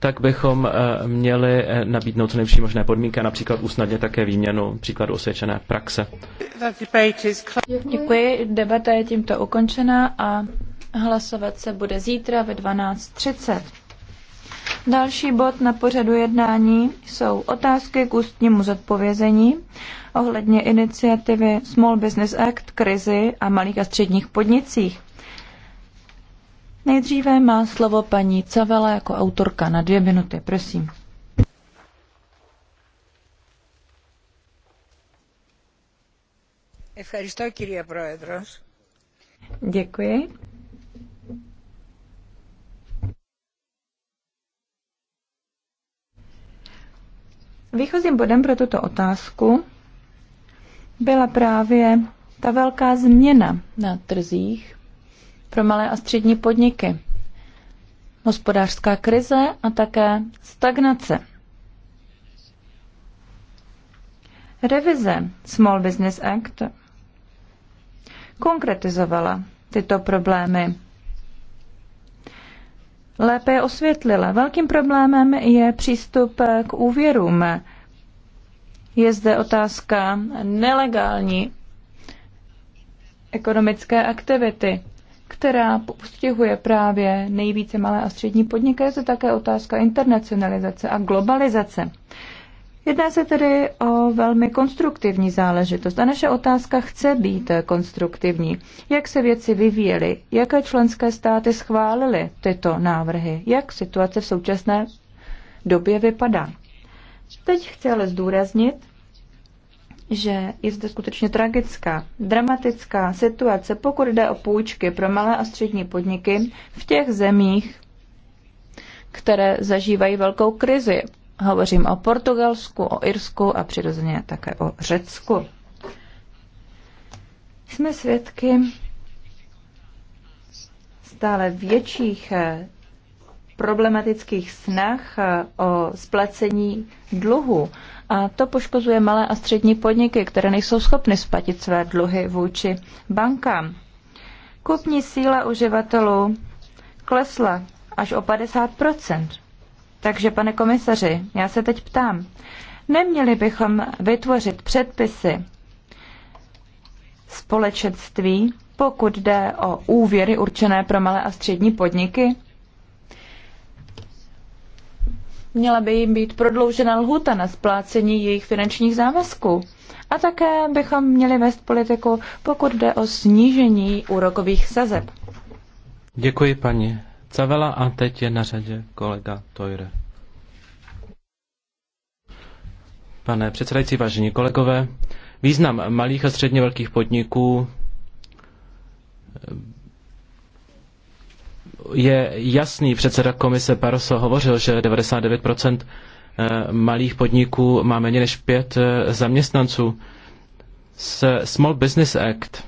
tak bychom eh, měli eh, nabídnout co nejvyšší možné podmínky, například usnadnit také výměnu příkladu osvědčené praxe. Děkuji, debata je tímto ukončena a hlasovat se bude zítra ve 12.30. Další bod na pořadu jednání jsou otázky k ústnímu zodpovězení ohledně iniciativy Small Business Act, krizi a malých a středních podnicích. Nejdříve má slovo paní Cavela jako autorka na dvě minuty, prosím. Děkuji. Výchozím bodem pro tuto otázku byla právě ta velká změna na trzích pro malé a střední podniky, hospodářská krize a také stagnace. Revize Small Business Act konkretizovala tyto problémy. Lépe je osvětlila. Velkým problémem je přístup k úvěrům. Je zde otázka nelegální ekonomické aktivity která postihuje právě nejvíce malé a střední podniky, je to také otázka internacionalizace a globalizace. Jedná se tedy o velmi konstruktivní záležitost a naše otázka chce být konstruktivní. Jak se věci vyvíjely? Jaké členské státy schválily tyto návrhy? Jak situace v současné době vypadá? Teď chci ale zdůraznit, že je zde skutečně tragická, dramatická situace, pokud jde o půjčky pro malé a střední podniky v těch zemích, které zažívají velkou krizi. Hovořím o Portugalsku, o Irsku a přirozeně také o Řecku. Jsme svědky stále větších problematických snah eh, o splacení dluhu. A to poškozuje malé a střední podniky, které nejsou schopny splatit své dluhy vůči bankám. Kupní síla uživatelů klesla až o 50 Takže, pane komisaři, já se teď ptám, neměli bychom vytvořit předpisy společenství, pokud jde o úvěry určené pro malé a střední podniky? Měla by jim být prodloužena lhuta na splácení jejich finančních závazků. A také bychom měli vést politiku, pokud jde o snížení úrokových sazeb. Děkuji paní Cavela a teď je na řadě kolega Tojre. Pane předsedající, vážení kolegové, význam malých a středně velkých podniků je jasný, předseda komise Paroso hovořil, že 99% eh, malých podniků má méně než pět eh, zaměstnanců. S Small Business Act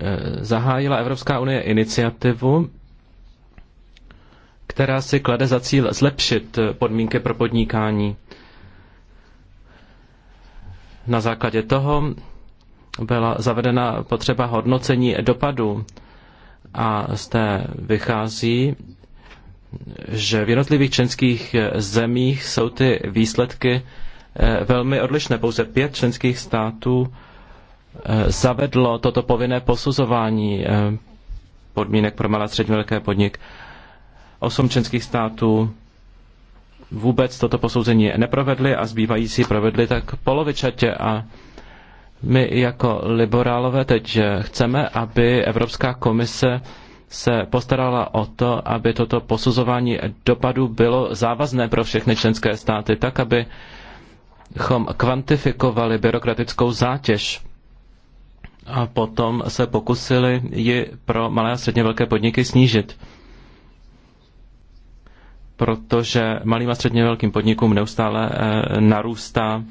eh, zahájila Evropská unie iniciativu, která si klade za cíl zlepšit podmínky pro podnikání. Na základě toho byla zavedena potřeba hodnocení dopadu a z té vychází, že v jednotlivých členských zemích jsou ty výsledky eh, velmi odlišné. Pouze pět členských států eh, zavedlo toto povinné posuzování eh, podmínek pro malé a střední velké podnik. Osm členských států vůbec toto posouzení neprovedli a zbývající provedli tak polovičatě a my jako liberálové teď chceme, aby Evropská komise se postarala o to, aby toto posuzování dopadu bylo závazné pro všechny členské státy, tak chom kvantifikovali byrokratickou zátěž a potom se pokusili ji pro malé a středně velké podniky snížit. Protože malým a středně velkým podnikům neustále eh, narůstá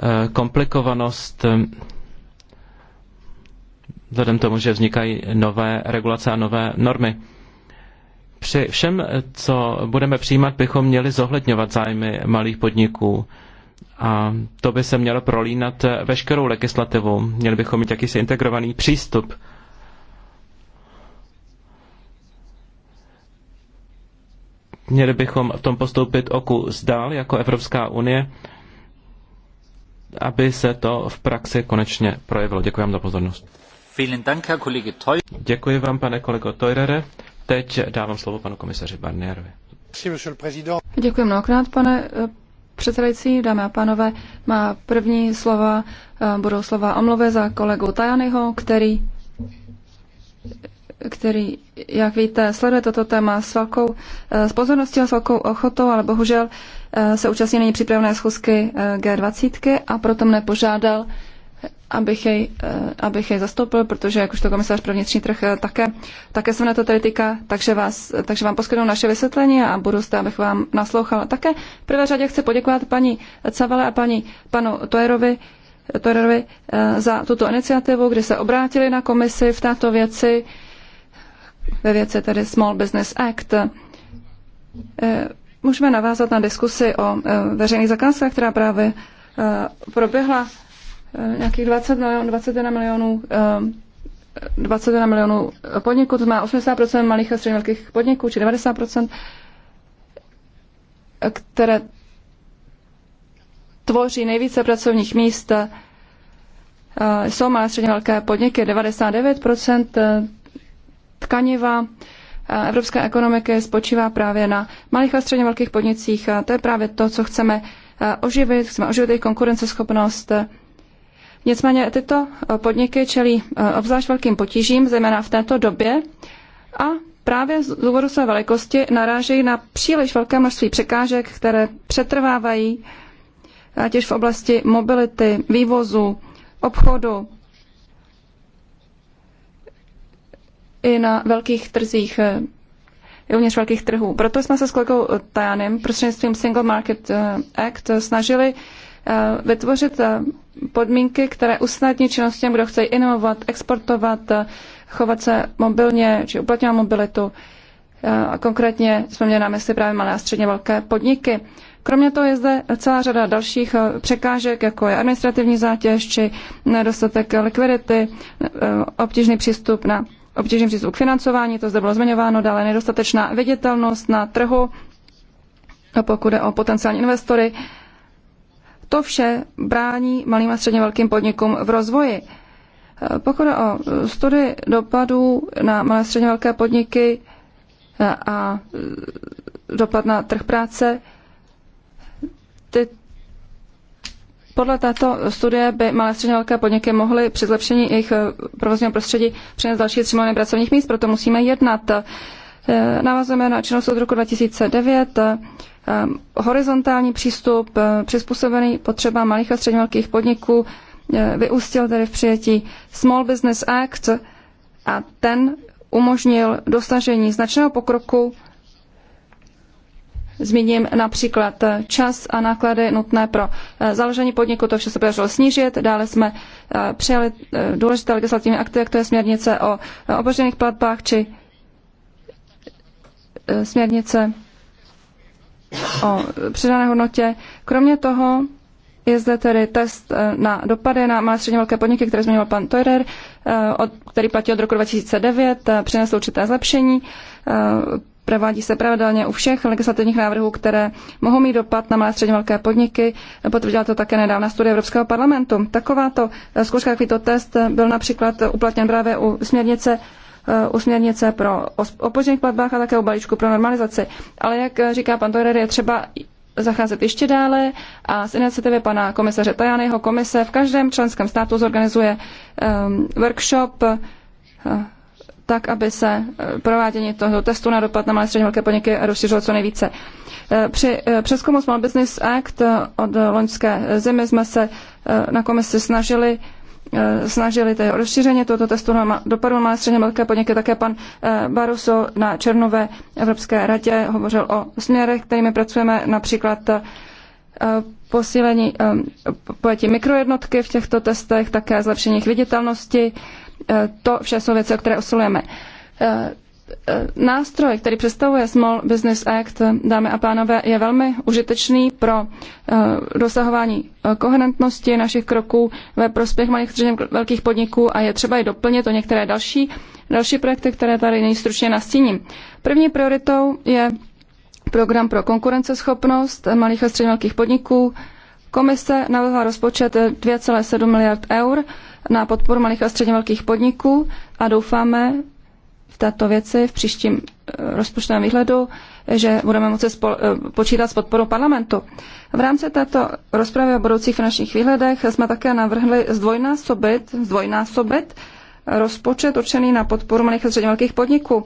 Eh, komplikovanost eh, vzhledem tomu, že vznikají nové regulace a nové normy. Při všem, co budeme přijímat, bychom měli zohledňovat zájmy malých podniků. A to by se mělo prolínat veškerou legislativu. Měli bychom mít jakýsi integrovaný přístup. Měli bychom v tom postoupit oku zdál jako Evropská unie aby se to v praxi konečně projevilo. Děkuji vám za pozornost. Děkuji vám, pane kolego Teurere. Teď dávám slovo panu komisaři Barnierovi. Děkuji mnohokrát, pane eh, předsedající, dámy a pánové. Má první slova eh, budou slova omluvy za kolegu Tajanyho, který který, jak víte, sleduje toto téma s velkou eh, s pozorností a s velkou ochotou, ale bohužel eh, se účastní není přípravné schůzky eh, G20 a proto mne požádal, abych jej, abych jej zastoupil, protože to komisář pro vnitřní trh také, také se na to tady týká, takže, vás, takže vám poskytnu naše vysvětlení a budu zde, abych vám naslouchal. Také v prvé řadě chci poděkovat paní Cavale a paní panu Tojerovi, Tojerovi za tuto iniciativu, kdy se obrátili na komisi v této věci ve věci tedy Small Business Act. Eh, můžeme navázat na diskusi o eh, veřejných zakázkách, která právě eh, proběhla nějakých 20 milionů 21 milionů 21 milionů podniků, to má 80% malých a středně velkých podniků, či 90%, které tvoří nejvíce pracovních míst, jsou malé a středně velké podniky, 99%, tkaniva eh, evropské ekonomiky spočívá právě na malých a středně velkých podnicích. To je právě to, co chceme eh, oživit, chceme oživit jejich konkurenceschopnost. Nicméně tyto eh, podniky čelí obzvlášť velkým potížím, zejména v této době, a právě z důvodu své velikosti narážejí na příliš velké množství překážek, které přetrvávají, ať už v oblasti mobility, vývozu, obchodu, i na velkých trzích eh, uvnitř velkých trhů. Proto jsme se s kolegou Tajanem prostřednictvím Single Market eh, Act snažili eh, vytvořit podmínky, které usnadní činnost těm, kdo chce inovovat, exportovat, chovat se mobilně či uplatňovat mobilitu. A konkrétně jsme měli na mysli právě malé a středně velké podniky. Kromě toho je zde celá řada dalších překážek, jako je administrativní zátěž či nedostatek likvidity, obtížný přístup na obtížný přístup k financování, to zde bylo zmiňováno, dále nedostatečná viditelnost na trhu, pokud je o potenciální investory. To vše brání malým a středně velkým podnikům v rozvoji. Pokud je o studii dopadů na malé a středně velké podniky a dopad na trh práce, ty, podle této studie by malé středně velké podniky mohly při zlepšení jejich eh, provozního prostředí přinést další 3 miliony pracovních míst, proto musíme jednat. Eh, navazujeme na činnost od roku 2009, eh, horizontální přístup přizpůsobený potřebám malých a středně velkých podniků vyústil tedy v přijetí Small Business Act a ten umožnil dosažení značného pokroku Zmíním například čas a náklady nutné pro eh, založení podniku, to vše se podařilo snížit. Dále jsme eh, přijali eh, důležité legislativní akty, jak to je směrnice o opožděných platbách či směrnice o přidané hodnotě. Kromě toho je zde tedy test na dopady na malé středně velké podniky, které zmiňoval pan Teurer, který platí od roku 2009, přinesl určité zlepšení provádí se pravidelně u všech legislativních návrhů, které mohou mít dopad na malé středně velké podniky. Potvrdila to také nedávna studie Evropského parlamentu. Takováto zkouška, takovýto test byl například uplatněn právě u směrnice eh, u směrnice pro opožděných platbách a také u balíčku pro normalizaci. Ale jak eh, říká pan Torer, je třeba zacházet ještě dále a z iniciativy pana komisaře Tajaného komise v každém členském státu zorganizuje um, workshop uh, tak, aby se eh, provádění toho testu na dopad na malé střední velké podniky rozšířilo co nejvíce. Eh, při eh, přeskumu Small Business Act od loňské zimy jsme se na komisi snažili snažili tedy o rozšíření tohoto testu na dopadu na malé středně velké podniky. Také pan Baruso na Černové Evropské radě hovořil o směrech, kterými pracujeme, například posílení pojetí mikrojednotky v těchto testech, také zlepšení jejich viditelnosti, Eh, to vše jsou věci, o které usilujeme. Eh, eh, nástroj, který představuje Small Business Act, dámy a pánové, je velmi užitečný pro dosahování koherentnosti našich kroků ve prospěch malých středně velkých podniků a je třeba i doplnit o některé další, další projekty, které tady nejstručně nastíním. První prioritou je program pro konkurenceschopnost malých a středně velkých podniků. Komise navrhla rozpočet 2,7 miliard eur na podporu malých a středně velkých podniků a doufáme v této věci v příštím eh, rozpočtovém výhledu, že budeme moci spol- eh, počítat s podporou parlamentu. V rámci této rozpravy o budoucích finančních výhledech jsme také navrhli zdvojnásobit, zdvojnásobit rozpočet určený na podporu malých a středně velkých podniků.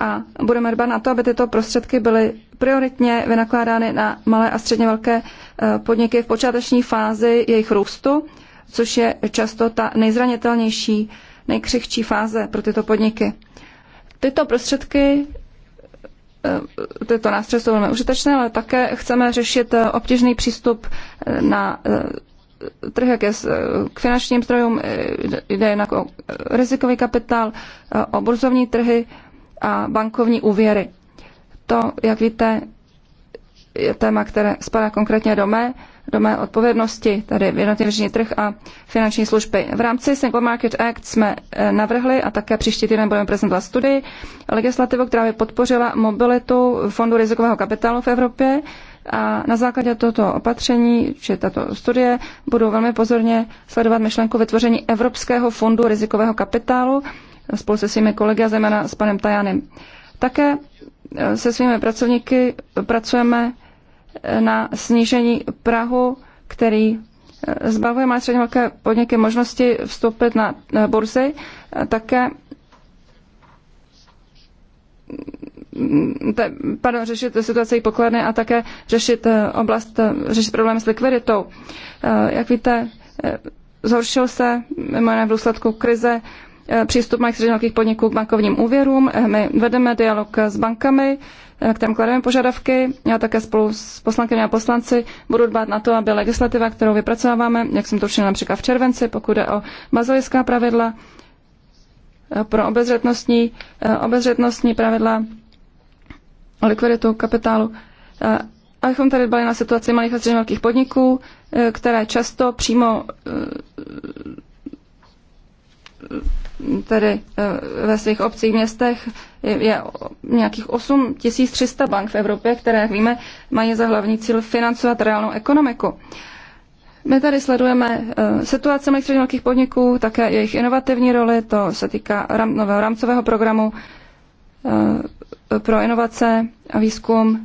A budeme dbát na to, aby tyto prostředky byly prioritně vynakládány na malé a středně velké eh, podniky v počáteční fázi jejich růstu což je často ta nejzranitelnější, nejkřehčí fáze pro tyto podniky. Tyto prostředky eh, tyto nástroje jsou velmi užitečné, ale také chceme řešit eh, obtížný přístup eh, na trh, jak je k finančním zdrojům, jde jednak o rizikový kapitál, o burzovní trhy a bankovní úvěry. To, jak víte, je téma, které spadá konkrétně do mé do mé odpovědnosti, tedy jednotný vnitřní trh a finanční služby. V rámci Single Market Act jsme eh, navrhli a také příští týden budeme prezentovat studii legislativu, která by podpořila mobilitu fondu rizikového kapitálu v Evropě. A na základě tohoto opatření, či tato studie, budu velmi pozorně sledovat myšlenku vytvoření Evropského fondu rizikového kapitálu spolu se svými kolegy a zejména s panem Tajanem. Také eh, se svými pracovníky pracujeme na snížení Prahu, který eh, zbavuje má středně velké podniky možnosti vstoupit na burzy, také mm, te, pardon, řešit situaci pokladny a také řešit eh, oblast, eh, řešit problém s likviditou. Jak víte, zhoršil se mimo v důsledku krize Eh, přístup malých středních podniků k bankovním úvěrům. Eh, my vedeme dialog s bankami, eh, kterém klademe požadavky. Já také spolu s poslankyně a poslanci budu dbát na to, aby legislativa, kterou vypracováváme, jak jsem to učinila například v červenci, pokud jde o bazilická pravidla, pro obezřetnostní, obezřetnostní pravidla o likviditu kapitálu, abychom tady dbali na situaci malých a středních velkých podniků, které často přímo tedy eh, ve svých obcích, městech je nějakých 8300 bank v Evropě, které, jak víme, mají za hlavní cíl financovat reálnou ekonomiku. My tady sledujeme eh, situace malých velkých podniků, také jejich inovativní roli, to se týká ram, nového rámcového programu eh, pro inovace a výzkum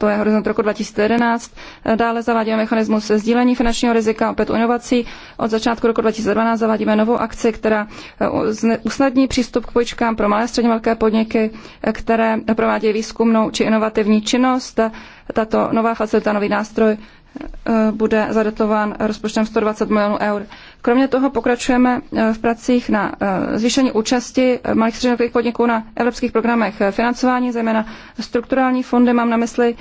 to je horizont roku 2011. Dále zavádíme mechanismus sdílení finančního rizika, opět inovací. Od začátku roku 2012 zavádíme novou akci, která eh, usnadní přístup k pojičkám pro malé středně velké podniky, eh, které provádějí výzkumnou či inovativní činnost. Tato nová facilita, nový nástroj eh, bude zadatován rozpočtem 120 milionů eur. Kromě toho pokračujeme eh, v pracích na eh, zvýšení účasti malých středních podniků na evropských programech financování, zejména strukturální fondy mám na mysli.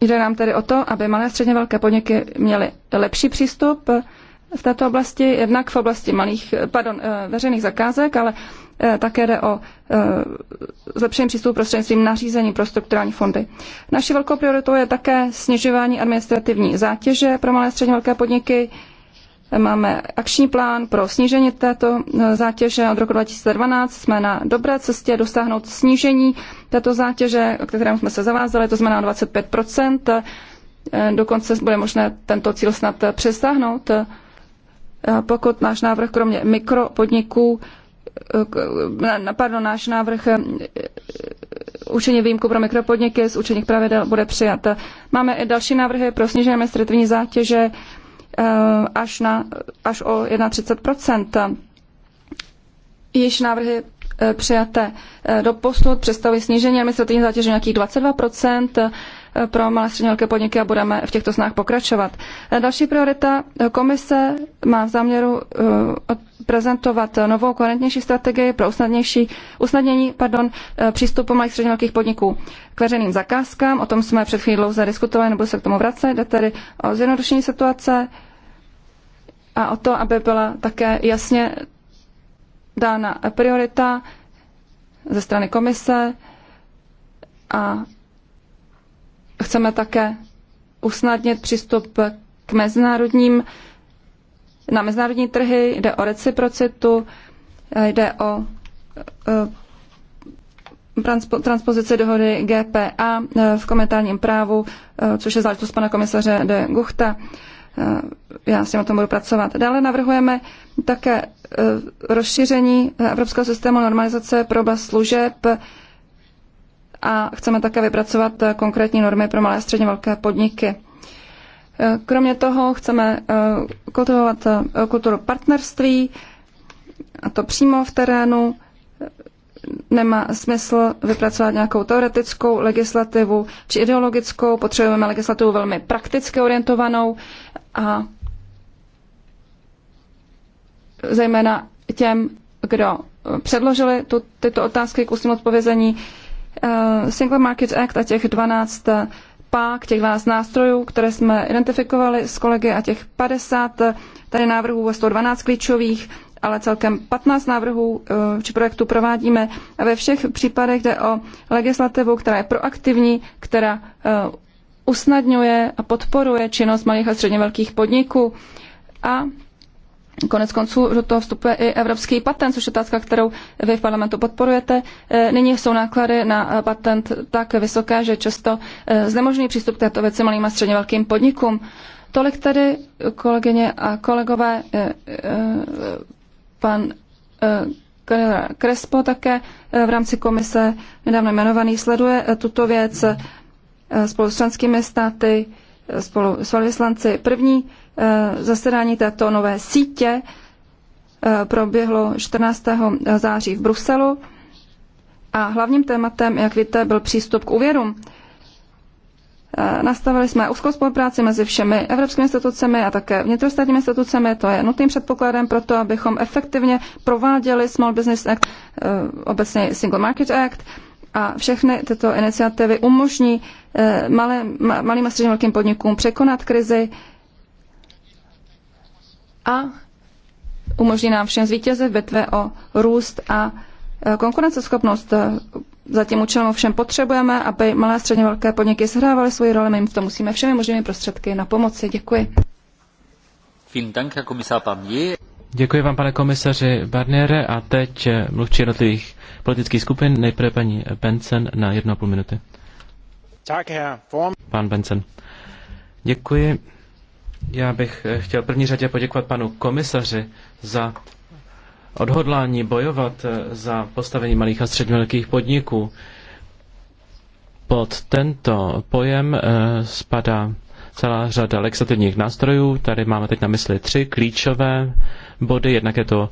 Jde nám tedy o to, aby malé a středně velké podniky měly lepší přístup v této oblasti, jednak v oblasti malých, pardon, eh, veřejných zakázek, ale Eh, také jde o eh, zlepšení přístupu prostřednictvím nařízení pro strukturální fondy. Naší velkou prioritou je také snižování administrativní zátěže pro malé a středně velké podniky. Máme akční plán pro snížení této eh, zátěže od roku 2012. Jsme na dobré cestě dosáhnout snížení této zátěže, o kterém jsme se zavázali, to znamená 25 Dokonce bude možné tento cíl snad přesáhnout pokud náš návrh kromě mikropodniků pardon, náš návrh eh, učení výjimku pro mikropodniky z učených pravidel bude přijat. Máme i další návrhy pro snížení administrativní zátěže eh, až, na, až o 31 Již návrhy eh, přijaté do posud představují snížení administrativní zátěže nějakých 22 pro malé střední velké podniky a budeme v těchto snách pokračovat. E, další priorita e, komise má v záměru e, prezentovat novou koherentnější strategii pro usnadnější, usnadnění pardon, přístupu malých středně velkých podniků k veřejným zakázkám. O tom jsme před chvílí dlouze diskutovali, nebudu se k tomu vracet. Jde tedy o zjednodušení situace a o to, aby byla také jasně dána priorita ze strany komise a Chceme také usnadnit přístup k mezinárodním, na mezinárodní trhy, jde o reciprocitu, jde o eh, transpozici dohody GPA eh, v komentárním právu, eh, což je záležitost pana komisaře de Guchta. Já s tím o tom budu pracovat. Dále navrhujeme také rozšíření Evropského systému normalizace pro oblast služeb a chceme také vypracovat eh, konkrétní normy pro malé a středně velké podniky. Eh, kromě toho chceme eh, kultivovat kulturu partnerství, a to přímo v terénu. Nemá smysl vypracovat nějakou teoretickou legislativu či ideologickou. Potřebujeme legislativu velmi prakticky orientovanou a zejména těm, kdo předložili tu, tyto otázky k ústním odpovězení, Eh, Single Market Act a těch 12 pák, těch 12 nástrojů, které jsme identifikovali s kolegy a těch 50 eh, tady návrhů 112 klíčových, ale celkem 15 návrhů eh, či projektů provádíme a ve všech případech jde o legislativu, která je proaktivní, která usnadňuje a podporuje činnost malých a středně velkých podniků a Konec konců do toho vstupuje i evropský patent, což je otázka, kterou vy v parlamentu podporujete. E, nyní jsou náklady na e, patent tak vysoké, že často e, znemožní přístup k této věci malým a středně velkým podnikům. Tolik tedy, kolegyně a kolegové, pan Crespo také v rámci komise nedávno jmenovaný sleduje tuto věc spolu s členskými státy spolu s velvyslanci. První eh, zasedání této nové sítě eh, proběhlo 14. září v Bruselu a hlavním tématem, jak víte, byl přístup k úvěrům. Eh, nastavili jsme úzkou spolupráci mezi všemi evropskými institucemi a také vnitrostátními institucemi. To je nutným předpokladem pro to, abychom efektivně prováděli Small Business Act, obecně Single Market Act a všechny tyto iniciativy umožní Eh, malé, malým a středním velkým podnikům překonat krizi a umožní nám všem zvítězit v bitvě o růst a eh, konkurenceschopnost. Eh, za tím účelem všem potřebujeme, aby malé a středně velké podniky sehrávaly svoji roli, my jim to musíme všemi možnými prostředky na pomoci. Děkuji. Děkuji vám, pane komisaři Barniere. A teď mluvčí jednotlivých politických skupin, nejprve paní Benson na jednu a půl minuty. Pan Benson. Děkuji. Já bych eh, chtěl v první řadě poděkovat panu komisaři za odhodlání bojovat eh, za postavení malých a středně velkých podniků. Pod tento pojem eh, spadá celá řada legislativních nástrojů. Tady máme teď na mysli tři klíčové body. Jednak je to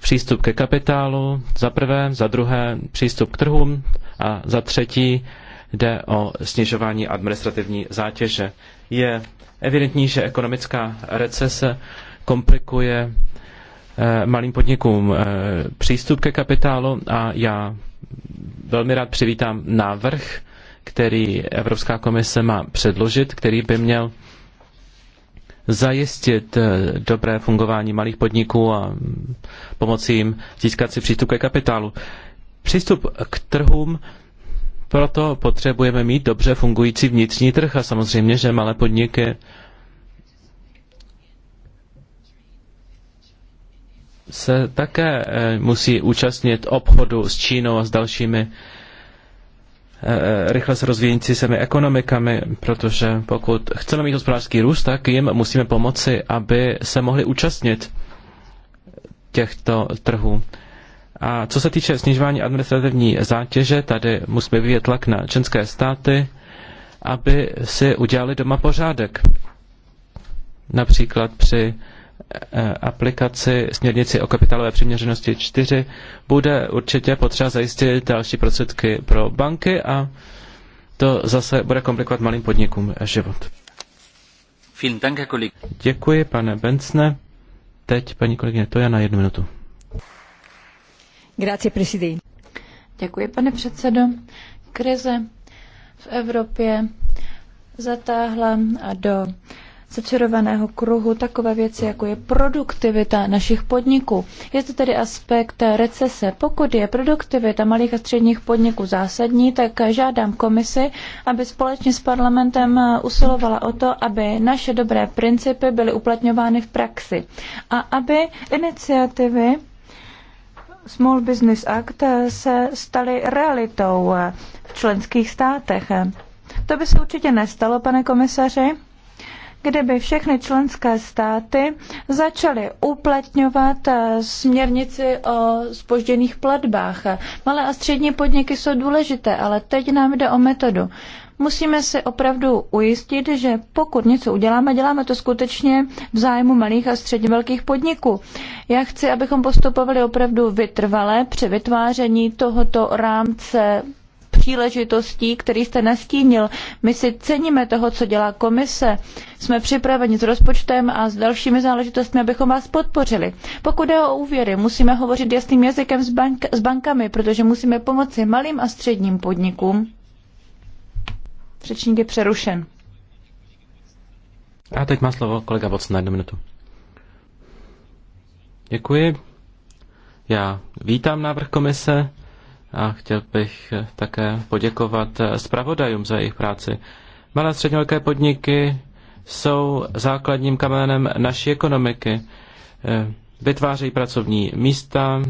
přístup ke kapitálu, za prvé, za druhé přístup k trhům a za třetí jde o snižování administrativní zátěže. Je evidentní, že ekonomická recese komplikuje eh, malým podnikům eh, přístup ke kapitálu a já velmi rád přivítám návrh, který Evropská komise má předložit, který by měl zajistit eh, dobré fungování malých podniků a pomoci jim získat si přístup ke kapitálu. Přístup k trhům proto potřebujeme mít dobře fungující vnitřní trh a samozřejmě, že malé podniky se také eh, musí účastnit obchodu s Čínou a s dalšími eh, eh, rychle se rozvíjícími ekonomikami, protože pokud chceme mít hospodářský růst, tak jim musíme pomoci, aby se mohli účastnit těchto trhů. A co se týče snižování administrativní zátěže, tady musíme vyvíjet tlak na členské státy, aby si udělali doma pořádek. Například při eh, aplikaci směrnici o kapitálové přiměřenosti 4 bude určitě potřeba zajistit další prostředky pro banky a to zase bude komplikovat malým podnikům život. Děkuji, pane Bencne. Teď paní kolegyně Toja na jednu minutu. Grazie, presidente. Děkuji, pane předsedo. Krize v Evropě zatáhla do začarovaného kruhu takové věci, jako je produktivita našich podniků. Je to tedy aspekt recese. Pokud je produktivita malých a středních podniků zásadní, tak žádám komisi, aby společně s parlamentem usilovala o to, aby naše dobré principy byly uplatňovány v praxi a aby iniciativy Small Business Act se staly realitou v členských státech. To by se určitě nestalo, pane komisaři, kdyby všechny členské státy začaly uplatňovat směrnici o spožděných platbách. Malé a střední podniky jsou důležité, ale teď nám jde o metodu musíme se opravdu ujistit, že pokud něco uděláme, děláme to skutečně v zájmu malých a středně velkých podniků. Já chci, abychom postupovali opravdu vytrvale při vytváření tohoto rámce příležitostí, který jste nastínil. My si ceníme toho, co dělá komise. Jsme připraveni s rozpočtem a s dalšími záležitostmi, abychom vás podpořili. Pokud je o úvěry, musíme hovořit jasným jazykem s, bank- s bankami, protože musíme pomoci malým a středním podnikům Řečník je přerušen. A teď má slovo kolega Watson na jednu minutu. Děkuji. Já vítám návrh komise a chtěl bych také poděkovat zpravodajům za jejich práci. Malé středně velké podniky jsou základním kamenem naší ekonomiky. Vytvářejí pracovní místa,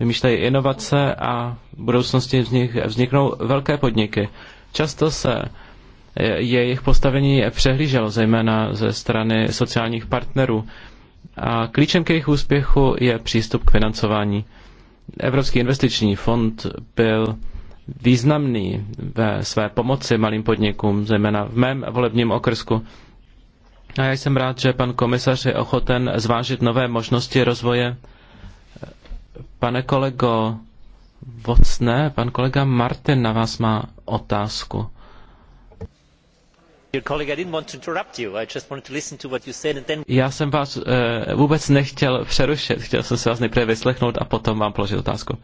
vymýšlejí inovace a v budoucnosti z nich vzniknou velké podniky. Často se eh, jejich postavení přehlíželo, zejména ze strany sociálních partnerů. A klíčem k jejich úspěchu je přístup k financování. Evropský investiční fond byl významný ve své pomoci malým podnikům, zejména v mém volebním okrsku. A já jsem rád, že pan komisař je ochoten zvážit nové možnosti rozvoje. Pane kolego, Vocné, pan kolega Martin na vás má otázku. Já jsem vás e, vůbec nechtěl přerušit, chtěl jsem se vás nejprve vyslechnout a potom vám položit otázku.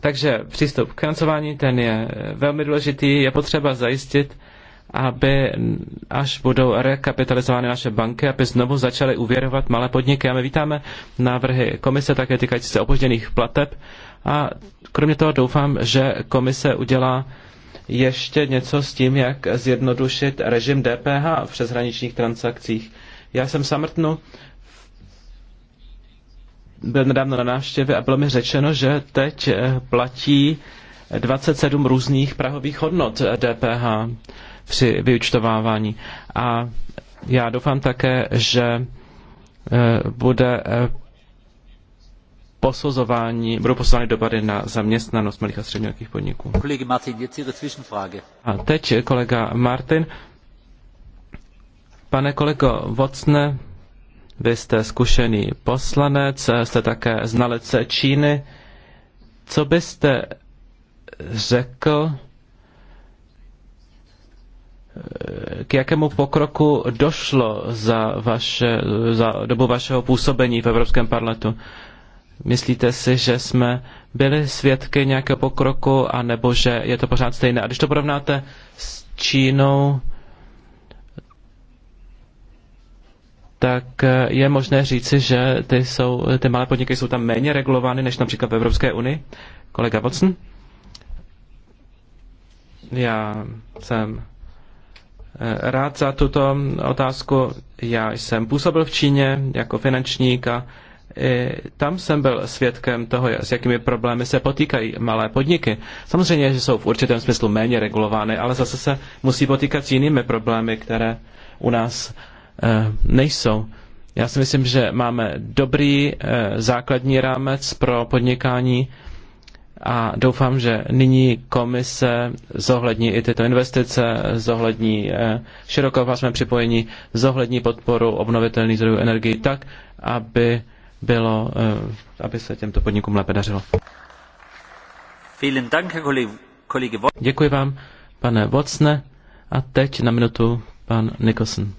Takže přístup k financování, ten je eh, velmi důležitý. Je potřeba zajistit, aby až budou rekapitalizovány naše banky, aby znovu začaly uvěrovat malé podniky. A my vítáme návrhy komise také týkající se opožděných plateb. A kromě toho doufám, že komise udělá ještě něco s tím, jak zjednodušit režim DPH v přeshraničních transakcích. Já jsem Samrtnu byl nedávno na návštěvě a bylo mi řečeno, že teď eh, platí 27 různých prahových hodnot DPH. Eh, při vyučtovávání. A já doufám také, že eh, bude eh, posuzování, budou posuzovány dopady na zaměstnanost malých a středních podniků. A teď kolega Martin. Pane kolego Vocne, vy jste zkušený poslanec, jste také znalec Číny. Co byste řekl k jakému pokroku došlo za, vaše, za dobu vašeho působení v Evropském parlamentu? Myslíte si, že jsme byli svědky nějakého pokroku, anebo že je to pořád stejné? A když to porovnáte s Čínou, tak je možné říci, že ty, jsou, ty malé podniky jsou tam méně regulovány než například v Evropské unii? Kolega Watson? Já jsem Eh, rád za tuto otázku. Já jsem působil v Číně jako finančník a i eh, tam jsem byl svědkem toho, s jakými problémy se potýkají malé podniky. Samozřejmě, že jsou v určitém smyslu méně regulovány, ale zase se musí potýkat s jinými problémy, které u nás eh, nejsou. Já si myslím, že máme dobrý základní rámec pro podnikání a doufám, že nyní komise zohlední i tyto investice, zohlední eh, širokopásmé připojení, zohlední podporu obnovitelných zdrojů energii tak, aby, bylo, eh, aby se těmto podnikům lépe dařilo. Děkuji vám, pane Vocne. A teď na minutu pan Nicholson.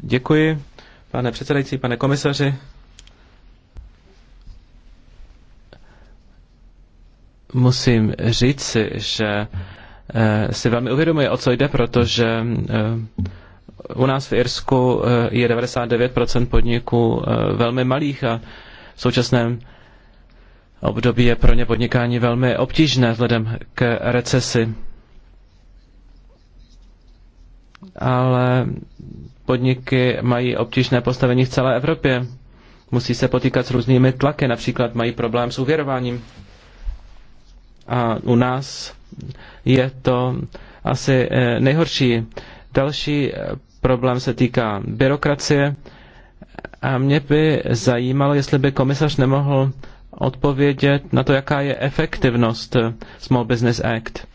Děkuji, pane předsedající, pane komisaři. musím říci, že eh, si velmi uvědomuji, o co jde, protože eh, u nás v Irsku eh, je 99% podniků velmi malých a v současném období je pro ně podnikání velmi obtížné vzhledem k recesi. Ale podniky mají obtížné postavení v celé Evropě. Musí se potýkat s různými tlaky, například mají problém s uvěrováním a u nás je to asi eh, nejhorší. Další eh, problém se týká byrokracie a mě by zajímalo, jestli by komisař nemohl odpovědět na to, jaká je efektivnost Small Business Act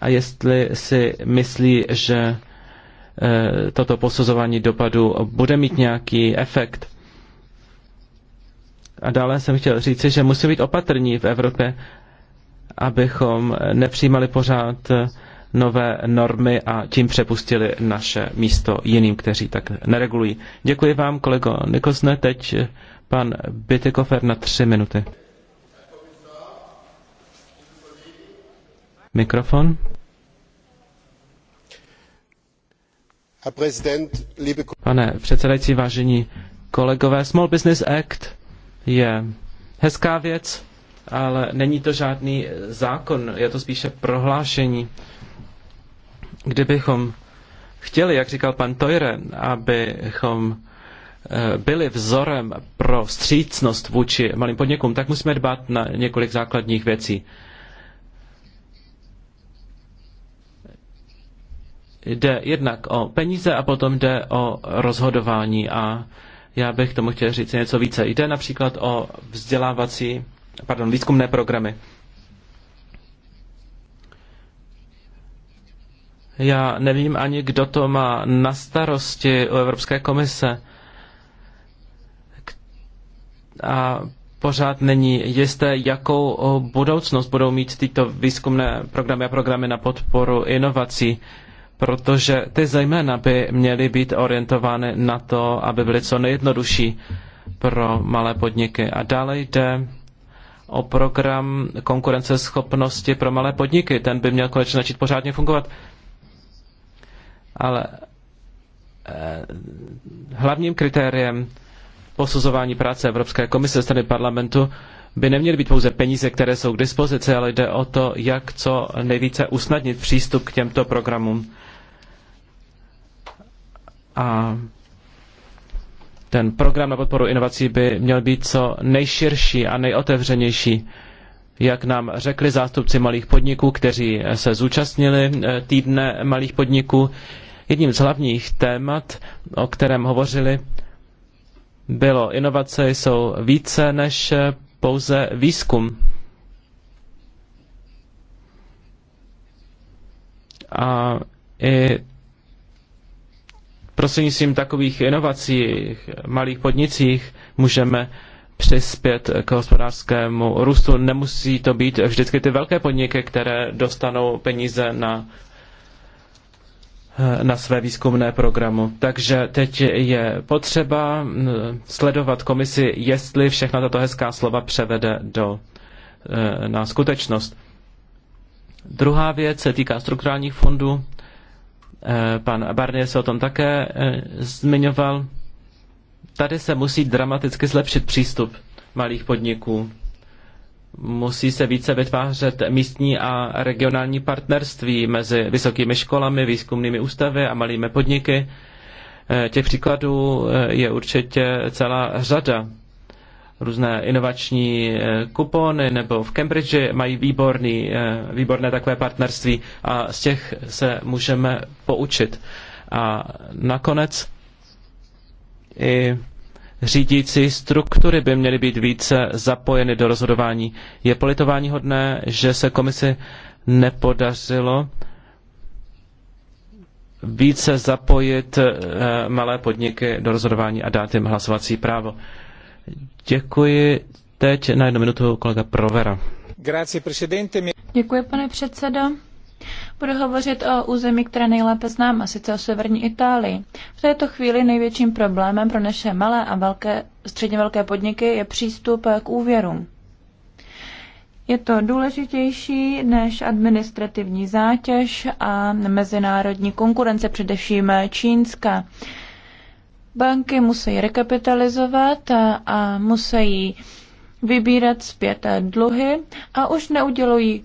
a jestli si myslí, že eh, toto posuzování dopadu bude mít nějaký efekt. A dále jsem chtěl říci, že musíme být opatrní v Evropě, abychom nepřijímali pořád nové normy a tím přepustili naše místo jiným, kteří tak neregulují. Děkuji vám, kolego Nikosne. Teď pan Bytykofer na tři minuty. Mikrofon. Pane předsedající, vážení kolegové, Small Business Act je hezká věc, ale není to žádný zákon, je to spíše prohlášení. Kdybychom chtěli, jak říkal pan Tojre, abychom eh, byli vzorem pro střícnost vůči malým podnikům, tak musíme dbát na několik základních věcí. Jde jednak o peníze a potom jde o rozhodování a já bych tomu chtěl říct něco více. Jde například o vzdělávací, pardon, výzkumné programy. Já nevím ani, kdo to má na starosti u Evropské komise. A pořád není jisté, jakou budoucnost budou mít tyto výzkumné programy a programy na podporu inovací protože ty zejména by měly být orientovány na to, aby byly co nejjednodušší pro malé podniky. A dále jde o program konkurenceschopnosti pro malé podniky. Ten by měl konečně začít pořádně fungovat. Ale eh, hlavním kritériem posuzování práce Evropské komise strany parlamentu by neměly být pouze peníze, které jsou k dispozici, ale jde o to, jak co nejvíce usnadnit přístup k těmto programům a ten program na podporu inovací by měl být co nejširší a nejotevřenější. Jak nám řekli zástupci malých podniků, kteří se zúčastnili eh, týdne malých podniků, jedním z hlavních témat, o kterém hovořili, bylo inovace jsou více než eh, pouze výzkum. A i Prostřednictvím takových inovací malých podnicích můžeme přispět k hospodářskému růstu. Nemusí to být vždycky ty velké podniky, které dostanou peníze na na své výzkumné programu. Takže teď je potřeba sledovat komisi, jestli všechna tato hezká slova převede do, e, na skutečnost. Druhá věc se týká strukturálních fondů. Eh, pan Barnier se o tom také eh, zmiňoval. Tady se musí dramaticky zlepšit přístup malých podniků. Musí se více vytvářet místní a regionální partnerství mezi vysokými školami, výzkumnými ústavy a malými podniky. Eh, těch příkladů je určitě celá řada různé inovační eh, kupony, nebo v Cambridge mají výborný, eh, výborné takové partnerství a z těch se můžeme poučit. A nakonec i řídící struktury by měly být více zapojeny do rozhodování. Je politování hodné, že se komisi nepodařilo více zapojit eh, malé podniky do rozhodování a dát jim hlasovací právo. Děkuji. Teď na jednu minutu kolega Provera. Děkuji, pane předsedo. Budu hovořit o území, které nejlépe znám, a sice o severní Itálii. V této chvíli největším problémem pro naše malé a velké, středně velké podniky je přístup k úvěrům. Je to důležitější než administrativní zátěž a mezinárodní konkurence, především čínská. Banky musí rekapitalizovat a, a musí vybírat zpět dluhy a už neudělují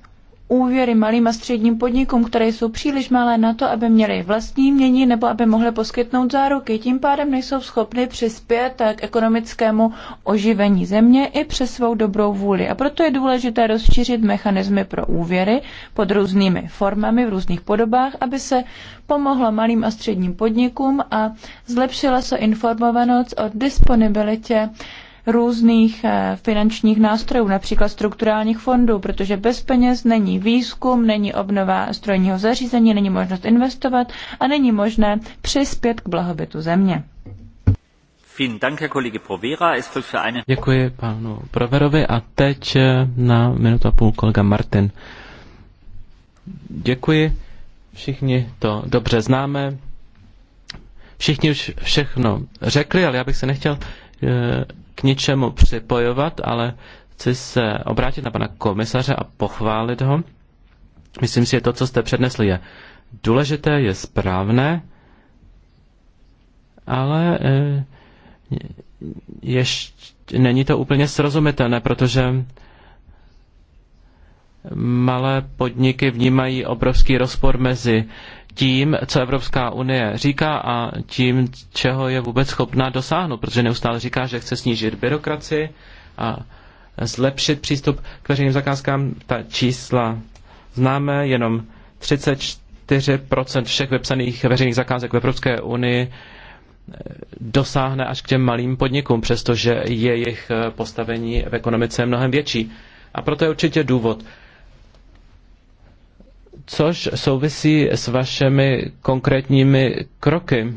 úvěry malým a středním podnikům, které jsou příliš malé na to, aby měly vlastní mění nebo aby mohly poskytnout záruky. Tím pádem nejsou schopny přispět k ekonomickému oživení země i přes svou dobrou vůli. A proto je důležité rozšířit mechanismy pro úvěry pod různými formami, v různých podobách, aby se pomohlo malým a středním podnikům a zlepšila se informovanost o disponibilitě různých eh, finančních nástrojů, například strukturálních fondů, protože bez peněz není výzkum, není obnova strojního zařízení, není možnost investovat a není možné přispět k blahobytu země. Děkuji panu Proverovi a teď eh, na minutu a půl kolega Martin. Děkuji, všichni to dobře známe. Všichni už všechno řekli, ale já bych se nechtěl eh, k něčemu připojovat, ale chci se obrátit na pana komisaře a pochválit ho. Myslím si, že to, co jste přednesli, je důležité, je správné, ale eh, ještě není to úplně srozumitelné, protože malé podniky vnímají obrovský rozpor mezi tím, co Evropská unie říká a tím, čeho je vůbec schopná dosáhnout, protože neustále říká, že chce snížit byrokracii a zlepšit přístup k veřejným zakázkám. Ta čísla známe, jenom 34% všech vypsaných veřejných zakázek v Evropské unii eh, dosáhne až k těm malým podnikům, přestože je jejich eh, postavení v ekonomice mnohem větší. A proto je určitě důvod, což souvisí s vašemi konkrétními kroky.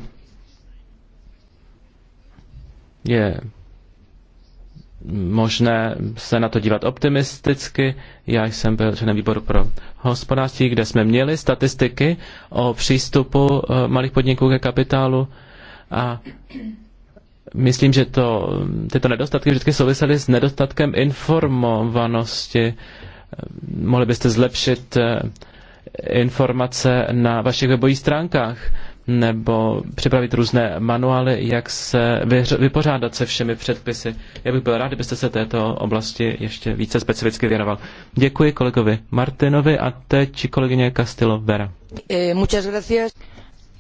Je možné se na to dívat optimisticky. Já jsem byl členem výboru pro hospodářství, kde jsme měli statistiky o přístupu eh, malých podniků ke kapitálu a myslím, že to, tyto nedostatky vždycky souvisely s nedostatkem informovanosti. Eh, mohli byste zlepšit eh, informace na vašich webových stránkách nebo připravit různé manuály, jak se vypořádat se všemi předpisy. Já bych byl rád, kdybyste se této oblasti ještě více specificky věnoval. Děkuji kolegovi Martinovi a teď kolegyně Castillo Vera. Eh,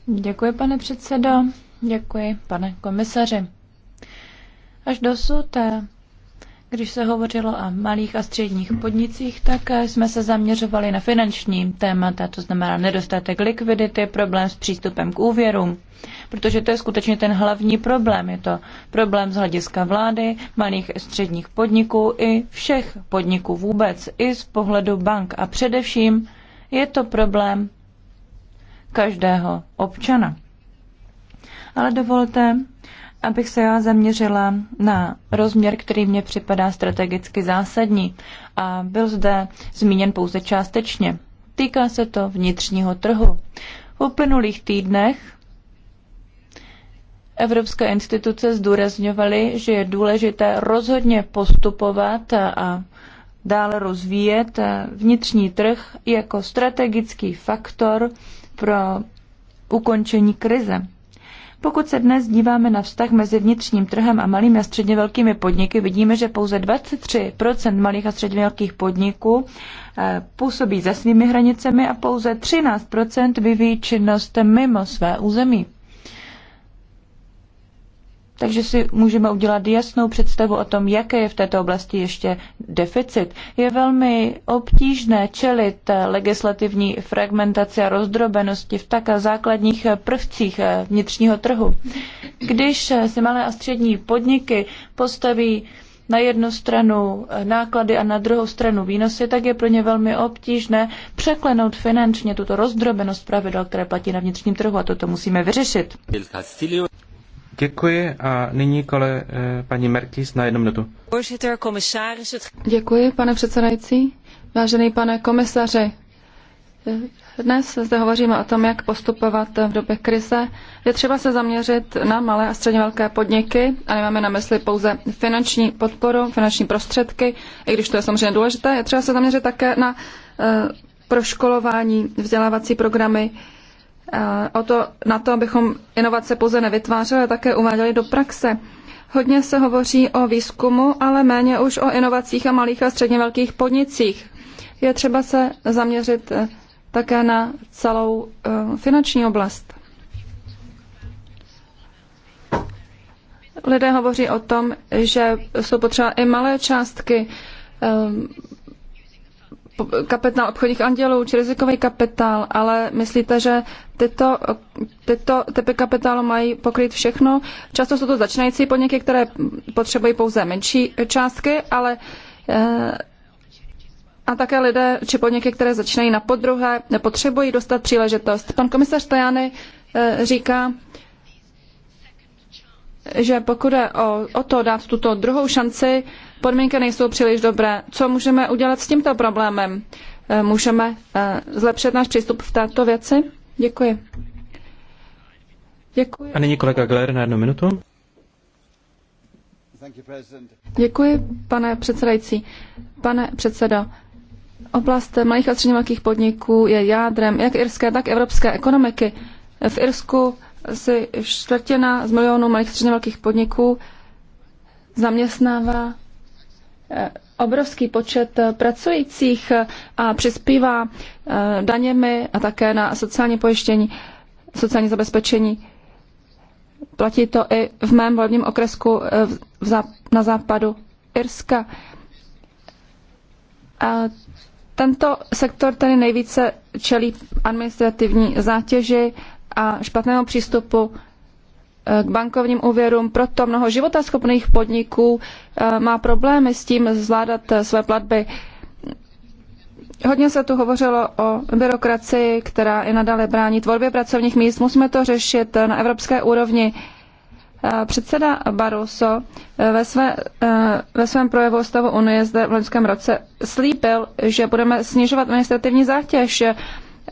Děkuji, pane předsedo. Děkuji, pane komisaři. Až dosud eh, když se hovořilo o malých a středních podnicích, tak jsme se zaměřovali na finanční témata, to znamená nedostatek likvidity, problém s přístupem k úvěrům, protože to je skutečně ten hlavní problém. Je to problém z hlediska vlády, malých a středních podniků i všech podniků vůbec, i z pohledu bank. A především je to problém každého občana. Ale dovolte, abych se já zaměřila na rozměr, který mně připadá strategicky zásadní a byl zde zmíněn pouze částečně. Týká se to vnitřního trhu. V uplynulých týdnech evropské instituce zdůrazňovaly, že je důležité rozhodně postupovat a dále rozvíjet vnitřní trh jako strategický faktor pro ukončení krize. Pokud se dnes díváme na vztah mezi vnitřním trhem a malými a středně velkými podniky, vidíme, že pouze 23% malých a středně velkých podniků eh, působí za svými hranicemi a pouze 13% vyvíjí činnost mimo své území. Takže si můžeme udělat jasnou představu o tom, jaké je v této oblasti ještě deficit. Je velmi obtížné čelit legislativní fragmentaci a rozdrobenosti v tak základních prvcích vnitřního trhu. Když si malé a střední podniky postaví na jednu stranu náklady a na druhou stranu výnosy, tak je pro ně velmi obtížné překlenout finančně tuto rozdrobenost pravidel, které platí na vnitřním trhu a toto musíme vyřešit. Děkuji a nyní kole eh, paní Merkis na jednu minutu. Děkuji, pane předsedající. Vážený pane komisaři, eh, dnes zde hovoříme o tom, jak postupovat v době krize. Je třeba se zaměřit na malé a středně velké podniky a nemáme na mysli pouze finanční podporu, finanční prostředky, i když to je samozřejmě důležité. Je třeba se zaměřit také na eh, proškolování, vzdělávací programy, Eh, o to, na to, abychom inovace pouze nevytvářeli, ale také uváděli do praxe. Hodně se hovoří o výzkumu, ale méně už o inovacích a malých a středně velkých podnicích. Je třeba se zaměřit eh, také na celou eh, finanční oblast. Lidé hovoří o tom, že jsou potřeba i malé částky kapitál obchodních andělů či rizikový kapitál, ale myslíte, že tyto, tyto typy kapitálu mají pokryt všechno? Často jsou to začínající podniky, které potřebují pouze menší částky, ale eh, a také lidé či podniky, které začínají na podruhé, nepotřebují dostat příležitost. Pan komisař Tajany eh, říká, že pokud je o, o to dát tuto druhou šanci, podmínky nejsou příliš dobré. Co můžeme udělat s tímto problémem? Eh, můžeme eh, zlepšit náš přístup v této věci? Děkuji. Děkuji. A nyní kolega Gler na jednu minutu. Děkuji, pane předsedající. Pane předsedo, oblast malých a středně velkých podniků je jádrem jak irské, tak evropské ekonomiky. V Irsku si čtvrtina z milionů malých a středně velkých podniků zaměstnává obrovský počet pracujících a přispívá eh, daněmi a také na sociální pojištění, sociální zabezpečení. Platí to i v mém volebním okresku eh, na západu Irska. A tento sektor tedy nejvíce čelí administrativní zátěži a špatnému přístupu Eh, k bankovním úvěrům, proto mnoho životaschopných podniků eh, má problémy s tím zvládat eh, své platby. Hodně se tu hovořilo o byrokracii, která i nadále brání tvorbě pracovních míst. Musíme to řešit na evropské úrovni. Předseda Barroso ve, své, ve svém projevu o stavu Unie zde v loňském roce slíbil, že budeme snižovat administrativní zátěž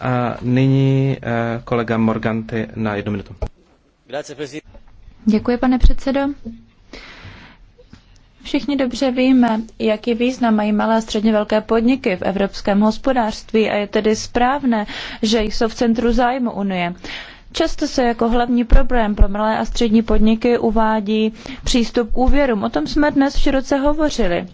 A nyní eh, kolega Morganti na jednu minutu. Děkuji, pane předsedo. Všichni dobře víme, jaký význam mají malé a středně velké podniky v evropském hospodářství a je tedy správné, že jsou v centru zájmu Unie. Často se jako hlavní problém pro malé a střední podniky uvádí přístup k úvěrům. O tom jsme dnes široce hovořili.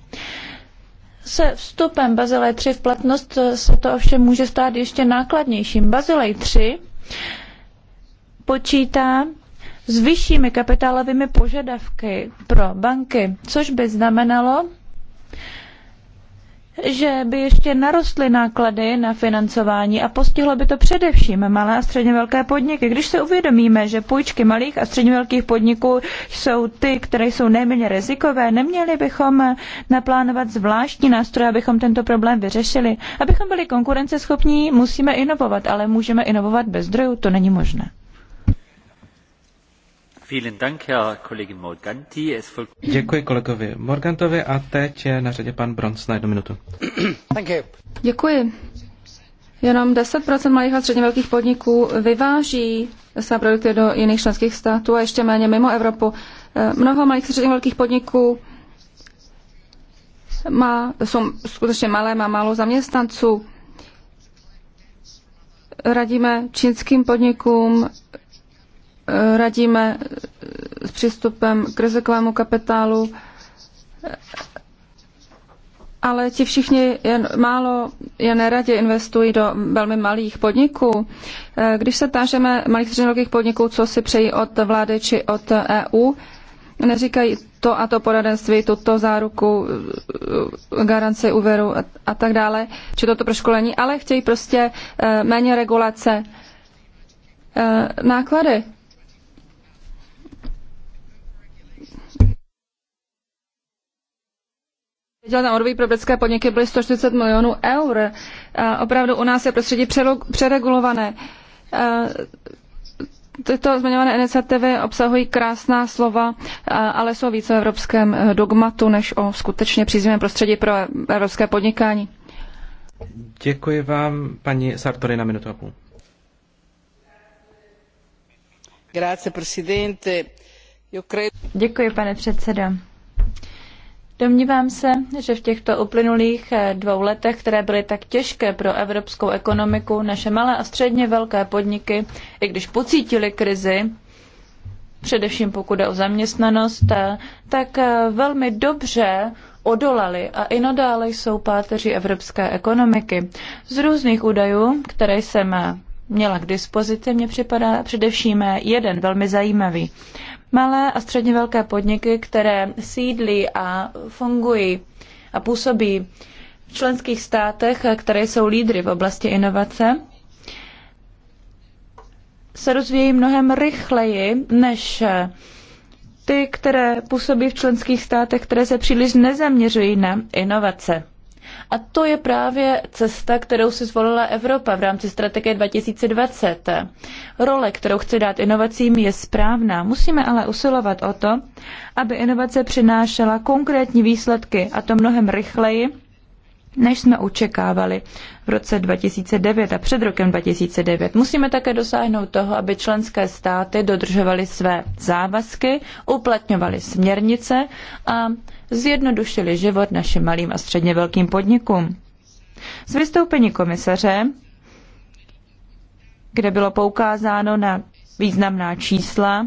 Se vstupem Bazilej 3 v platnost eh, se to ovšem může stát ještě nákladnějším. Bazilej 3 počítá s vyššími kapitálovými požadavky pro banky, což by znamenalo, že by ještě narostly náklady na financování a postihlo by to především malé a středně velké podniky. Když se uvědomíme, že půjčky malých a středně velkých podniků jsou ty, které jsou nejméně rizikové, neměli bychom naplánovat zvláštní nástroje, abychom tento problém vyřešili. Abychom byli konkurenceschopní, musíme inovovat, ale můžeme inovovat bez zdrojů, to není možné. Děkuji kolegovi Morgantovi a teď je na řadě pan Bronz na jednu minutu. Děkuji. Jenom 10% malých a středně velkých podniků vyváží své produkty do jiných členských států a ještě méně mimo Evropu. Eh, mnoho malých a středně velkých podniků má, jsou skutečně malé, má málo zaměstnanců. Radíme čínským podnikům, radíme s přístupem k rizikovému kapitálu, ale ti všichni jen málo, jen neradě investují do velmi malých podniků. Když se tážeme malých středních podniků, co si přejí od vlády či od EU, neříkají to a to poradenství, tuto záruku, garanci úvěru a tak dále, či toto proškolení, ale chtějí prostě eh, méně regulace, eh, náklady Dělat na odvoj pro britské podniky byly 140 milionů eur. Eh, opravdu u nás je prostředí přeregulované. Eh, tyto zmiňované iniciativy obsahují krásná slova, eh, ale jsou více o evropském dogmatu než o skutečně příznivém prostředí pro e- evropské podnikání. Děkuji vám, paní Sartori, na minutu a půl. Děkuji, pane předsedo. Domnívám se, že v těchto uplynulých eh, dvou letech, které byly tak těžké pro evropskou ekonomiku, naše malé a středně velké podniky, i když pocítili krizi, především pokud jde o zaměstnanost, eh, tak eh, velmi dobře odolali a i nadále jsou páteří evropské ekonomiky. Z různých údajů, které jsem měla k dispozici, mně připadá především jeden velmi zajímavý. Malé a středně velké podniky, které sídlí a fungují a působí v členských státech, které jsou lídry v oblasti inovace, se rozvíjí mnohem rychleji než ty, které působí v členských státech, které se příliš nezaměřují na inovace. A to je právě cesta, kterou si zvolila Evropa v rámci strategie 2020. Role, kterou chce dát inovacím, je správná. Musíme ale usilovat o to, aby inovace přinášela konkrétní výsledky a to mnohem rychleji, než jsme očekávali v roce 2009 a před rokem 2009. Musíme také dosáhnout toho, aby členské státy dodržovaly své závazky, uplatňovaly směrnice a zjednodušili život našim malým a středně velkým podnikům. Z vystoupení komisaře, kde bylo poukázáno na významná čísla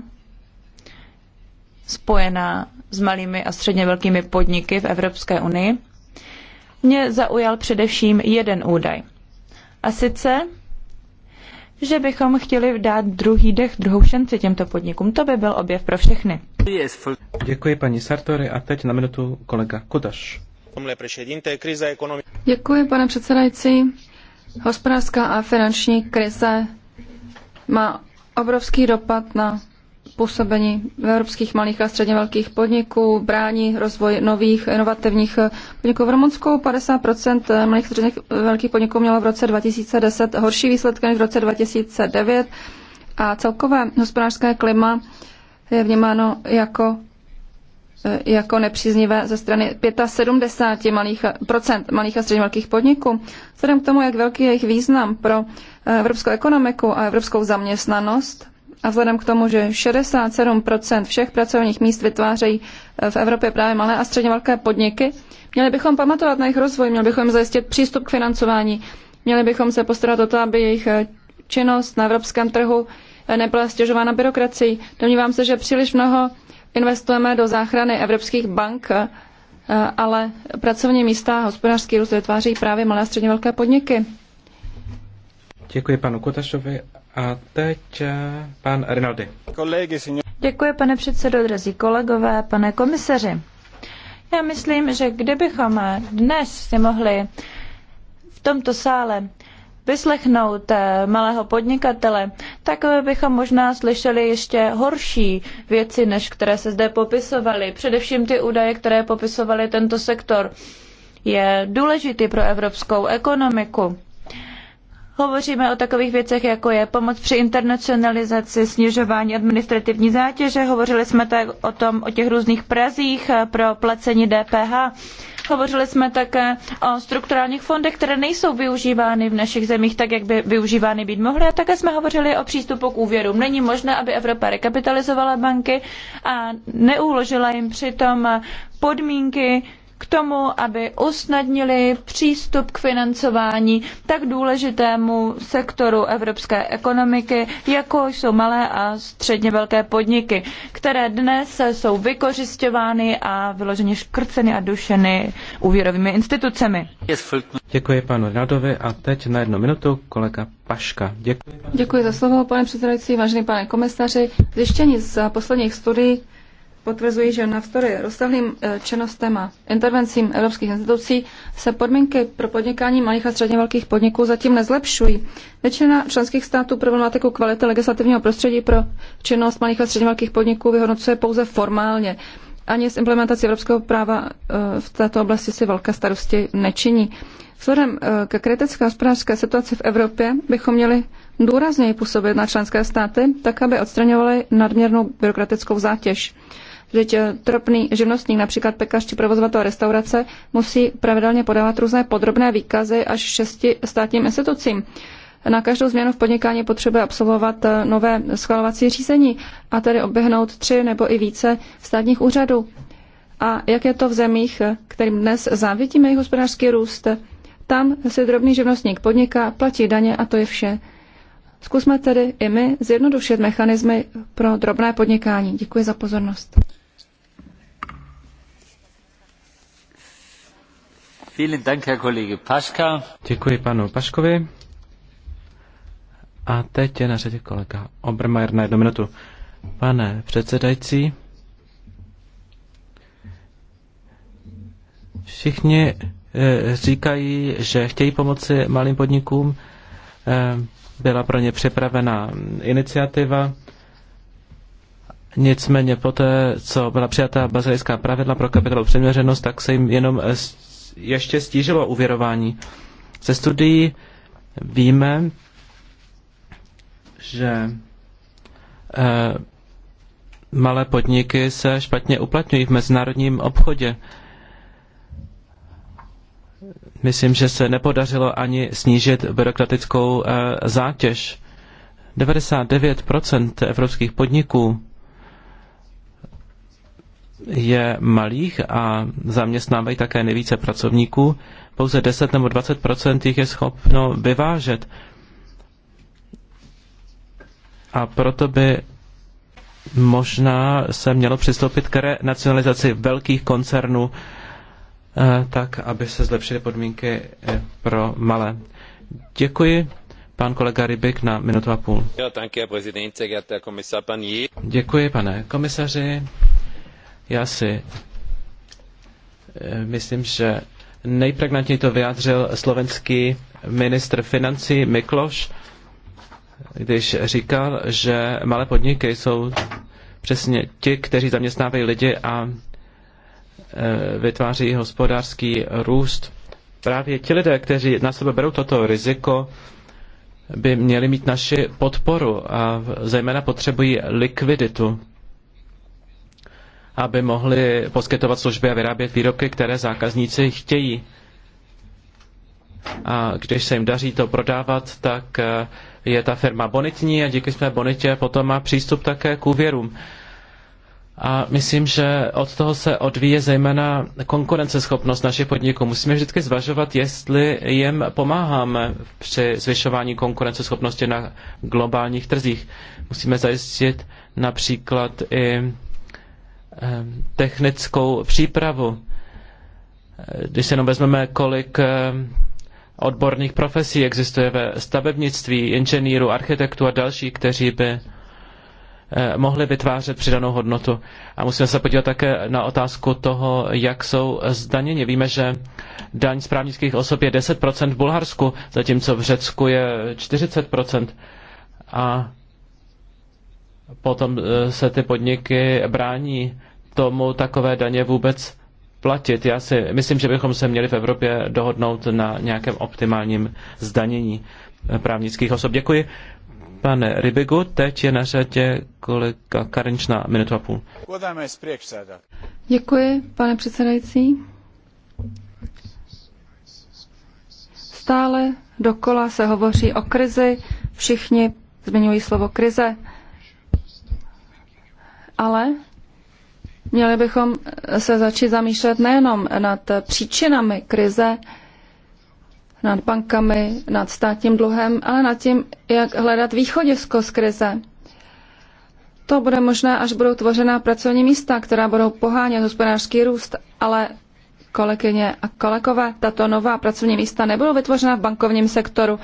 spojená s malými a středně velkými podniky v Evropské unii, mě zaujal především jeden údaj. A sice, že bychom chtěli dát druhý dech, druhou šanci těmto podnikům. To by byl objev pro všechny. Děkuji paní Sartori a teď na minutu kolega Kudaš. Děkuji, pane předsedající. Hospodářská a finanční krize má obrovský dopad na působení evropských malých a středně velkých podniků, brání rozvoj nových inovativních podniků. V Rumunsku 50 malých a středně velkých podniků mělo v roce 2010 horší výsledky než v roce 2009 a celkové hospodářské klima je vnímáno jako e, jako nepříznivé ze strany 75 malých, procent malých a středně velkých podniků. Vzhledem k tomu, jak velký je jejich význam pro e, evropskou ekonomiku a evropskou zaměstnanost, a vzhledem k tomu, že 67 všech pracovních míst vytvářejí e, v Evropě právě malé a středně velké podniky, měli bychom pamatovat na jejich rozvoj, měli bychom zajistit přístup k financování, měli bychom se postarat o to, aby jejich činnost na evropském trhu nebyla stěžována byrokracií. Domnívám se, že příliš mnoho investujeme do záchrany evropských bank, eh, ale pracovní místa a hospodářský růst vytváří právě malé a středně velké podniky. Děkuji panu Kotašovi a teď eh, pan Rinaldi. Děkuji, pane předsedo, drazí kolegové, pane komisaři. Já myslím, že kdybychom dnes si mohli v tomto sále vyslechnout eh, malého podnikatele, tak eh, bychom možná slyšeli ještě horší věci, než které se zde popisovaly. Především ty údaje, které popisovaly tento sektor, je důležitý pro evropskou ekonomiku. Hovoříme o takových věcech, jako je pomoc při internacionalizaci, snižování administrativní zátěže. Hovořili jsme tak o tom, o těch různých prazích eh, pro placení DPH. Hovořili jsme také o strukturálních fondech, které nejsou využívány v našich zemích tak, jak by využívány být mohly. A také jsme hovořili o přístupu k úvěrům. Není možné, aby Evropa rekapitalizovala banky a neuložila jim přitom podmínky, k tomu, aby usnadnili přístup k financování tak důležitému sektoru evropské ekonomiky, jako jsou malé a středně velké podniky, které dnes jsou vykořišťovány a vyloženě škrceny a dušeny úvěrovými institucemi. Děkuji panu Radovi a teď na jednu minutu kolega Paška. Děkuji, Děkuji za slovo, pane předsedající, vážený pane komisaři. Zjištění z posledních studií potvrzují, že navzdory rozsáhlým e, činnostem a intervencím evropských institucí se podmínky pro podnikání malých a středně velkých podniků zatím nezlepšují. Většina členských států problematiku kvality legislativního prostředí pro činnost malých a středně velkých podniků vyhodnocuje pouze formálně. Ani s implementací evropského práva e, v této oblasti si velké starosti nečiní. Vzhledem e, ke kritické hospodářské situaci v Evropě bychom měli důrazněji působit na členské státy, tak aby odstraňovaly nadměrnou byrokratickou zátěž. Vždyť drobný eh, živnostník, například pekař či provozovatel restaurace, musí pravidelně podávat různé podrobné výkazy až šesti státním institucím. Na každou změnu v podnikání potřebuje absolvovat eh, nové schvalovací řízení a tedy oběhnout tři nebo i více státních úřadů. A jak je to v zemích, eh, kterým dnes závidíme jejich hospodářský růst? Tam se drobný živnostník podniká, platí daně a to je vše. Zkusme tedy i my zjednodušit mechanismy pro drobné podnikání. Děkuji za pozornost. Děkuji panu Paškovi. A teď je na řadě kolega Obermajer na jednu minutu. Pane předsedající, všichni eh, říkají, že chtějí pomoci malým podnikům. Eh, byla pro ně připravena iniciativa. Nicméně poté, co byla přijata bazilická pravidla pro kapitálovou přiměřenost, tak se jim jenom ještě stížilo uvěrování. Ze studií víme, že eh, malé podniky se špatně uplatňují v mezinárodním obchodě. Myslím, že se nepodařilo ani snížit byrokratickou eh, zátěž. 99% evropských podniků je malých a zaměstnávají také nejvíce pracovníků. Pouze 10 nebo 20 jich je schopno vyvážet. A proto by možná se mělo přistoupit k renacionalizaci velkých koncernů, eh, tak aby se zlepšily podmínky eh, pro malé. Děkuji. Pan kolega Rybik na minutu a půl. Děkuji, pane komisaři já si eh, myslím, že nejpregnantněji to vyjádřil slovenský ministr financí Mikloš, když říkal, že malé podniky jsou přesně ti, kteří zaměstnávají lidi a eh, vytváří hospodářský růst. Právě ti lidé, kteří na sebe berou toto riziko, by měli mít naši podporu a zejména potřebují likviditu aby mohli poskytovat služby a vyrábět výrobky, které zákazníci chtějí. A když se jim daří to prodávat, tak eh, je ta firma bonitní a díky své bonitě potom má přístup také k úvěrům. A myslím, že od toho se odvíje zejména konkurenceschopnost našich podniků. Musíme vždycky zvažovat, jestli jim pomáháme při zvyšování konkurenceschopnosti na globálních trzích. Musíme zajistit například i Eh, technickou přípravu. Eh, když si jenom vezmeme, kolik eh, odborných profesí existuje ve stavebnictví, inženýrů, architektů a další, kteří by mohli vytvářet přidanou hodnotu. A musíme se podívat také na otázku toho, jak jsou zdaněni. Víme, že daň z právnických osob je 10% v Bulharsku, zatímco v Řecku je 40%. A potom e, se ty podniky brání tomu takové daně vůbec platit. Já si myslím, že bychom se měli v Evropě dohodnout na nějakém optimálním zdanění e, právnických osob. Děkuji. Pane Rybigu, teď je na řadě kolega Karinč minutu a půl. Děkuji, pane předsedající. Stále dokola se hovoří o krizi, všichni zmiňují slovo krize ale měli bychom se začít zamýšlet nejenom nad příčinami krize, nad bankami, nad státním dluhem, ale nad tím, jak hledat východisko z krize. To bude možné, až budou tvořena pracovní místa, která budou pohánět hospodářský růst, ale kolegyně a kolegové, tato nová pracovní místa nebudou vytvořena v bankovním sektoru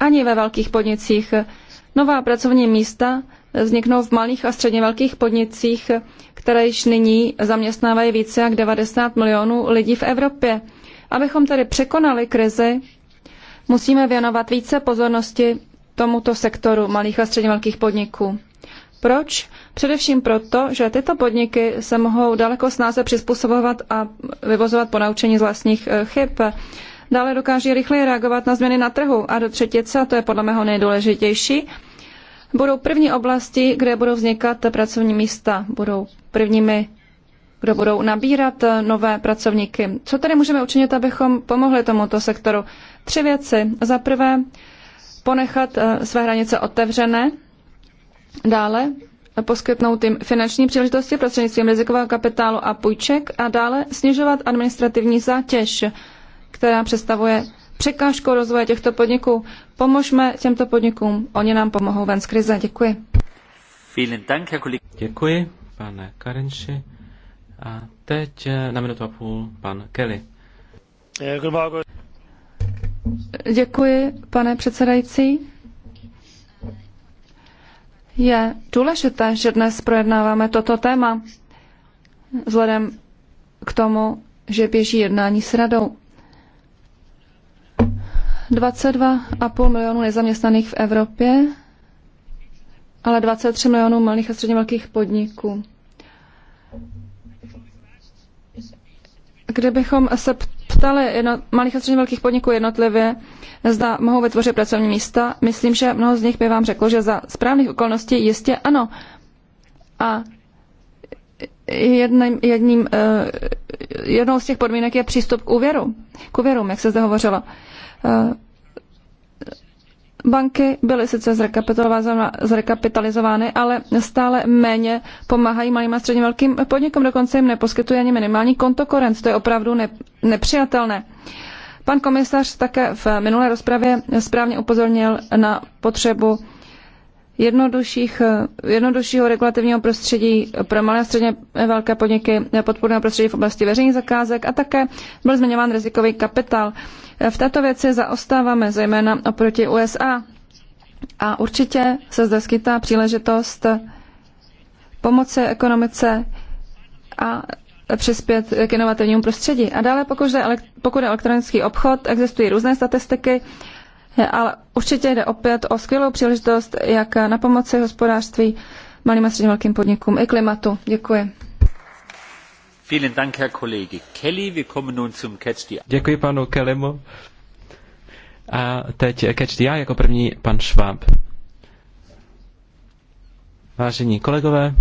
ani ve velkých podnicích. Nová pracovní místa vzniknou v malých a středně velkých podnicích, které již nyní zaměstnávají více jak 90 milionů lidí v Evropě. Abychom tedy překonali krizi, musíme věnovat více pozornosti tomuto sektoru malých a středně velkých podniků. Proč? Především proto, že tyto podniky se mohou daleko snáze přizpůsobovat a vyvozovat ponaučení z vlastních eh, chyb. Dále dokáží rychleji reagovat na změny na trhu. A do třetice, a to je podle mého nejdůležitější, budou první oblasti, kde budou vznikat pracovní místa, budou prvními, kdo budou nabírat eh, nové pracovníky. Co tady můžeme učinit, abychom pomohli tomuto sektoru? Tři věci. Za prvé, ponechat eh, své hranice otevřené, dále poskytnout jim finanční příležitosti prostřednictvím rizikového kapitálu a půjček a dále snižovat administrativní zátěž, která představuje překážkou rozvoje těchto podniků. Pomožme těmto podnikům, oni nám pomohou ven z krize. Děkuji. Děkuji, pane Karenši. A teď eh, na minutu a půl pan Kelly. Děkuji, pane předsedající. Je důležité, že dnes projednáváme toto téma, vzhledem k tomu, že běží jednání s radou. 22,5 milionů nezaměstnaných v Evropě, ale 23 milionů malých a středně velkých podniků. Kdybychom se ptali jedno, malých a středně velkých podniků jednotlivě, zda mohou vytvořit pracovní místa, myslím, že mnoho z nich by vám řeklo, že za správných okolností jistě ano. A jedným, jedním, eh, jednou z těch podmínek je přístup k úvěru, k úvěrům, jak se zde hovořilo. Eh, banky byly sice zrekapitalizovány, ale stále méně pomáhají malým a středně velkým podnikům, dokonce jim neposkytují ani minimální kontokorent. To je opravdu nepřijatelné. Pan komisař také v minulé rozpravě správně upozornil na potřebu jednodušších, eh, jednoduššího regulativního prostředí pro malé a středně velké podniky, eh, podpůrného prostředí v oblasti veřejných zakázek a také byl zmiňován rizikový kapitál. Eh, v této věci zaostáváme zejména oproti USA a určitě se zde skytá příležitost pomoci ekonomice a přispět k inovativnímu prostředí. A dále, pokud pokud je elektronický obchod, existují různé statistiky, ale určitě jde opět o skvělou příležitost, jak na pomoci hospodářství malým a středním velkým podnikům i klimatu. Děkuji. Děkuji panu Kellymu. A teď Catch the Eye jako první pan Schwab. Vážení kolegové,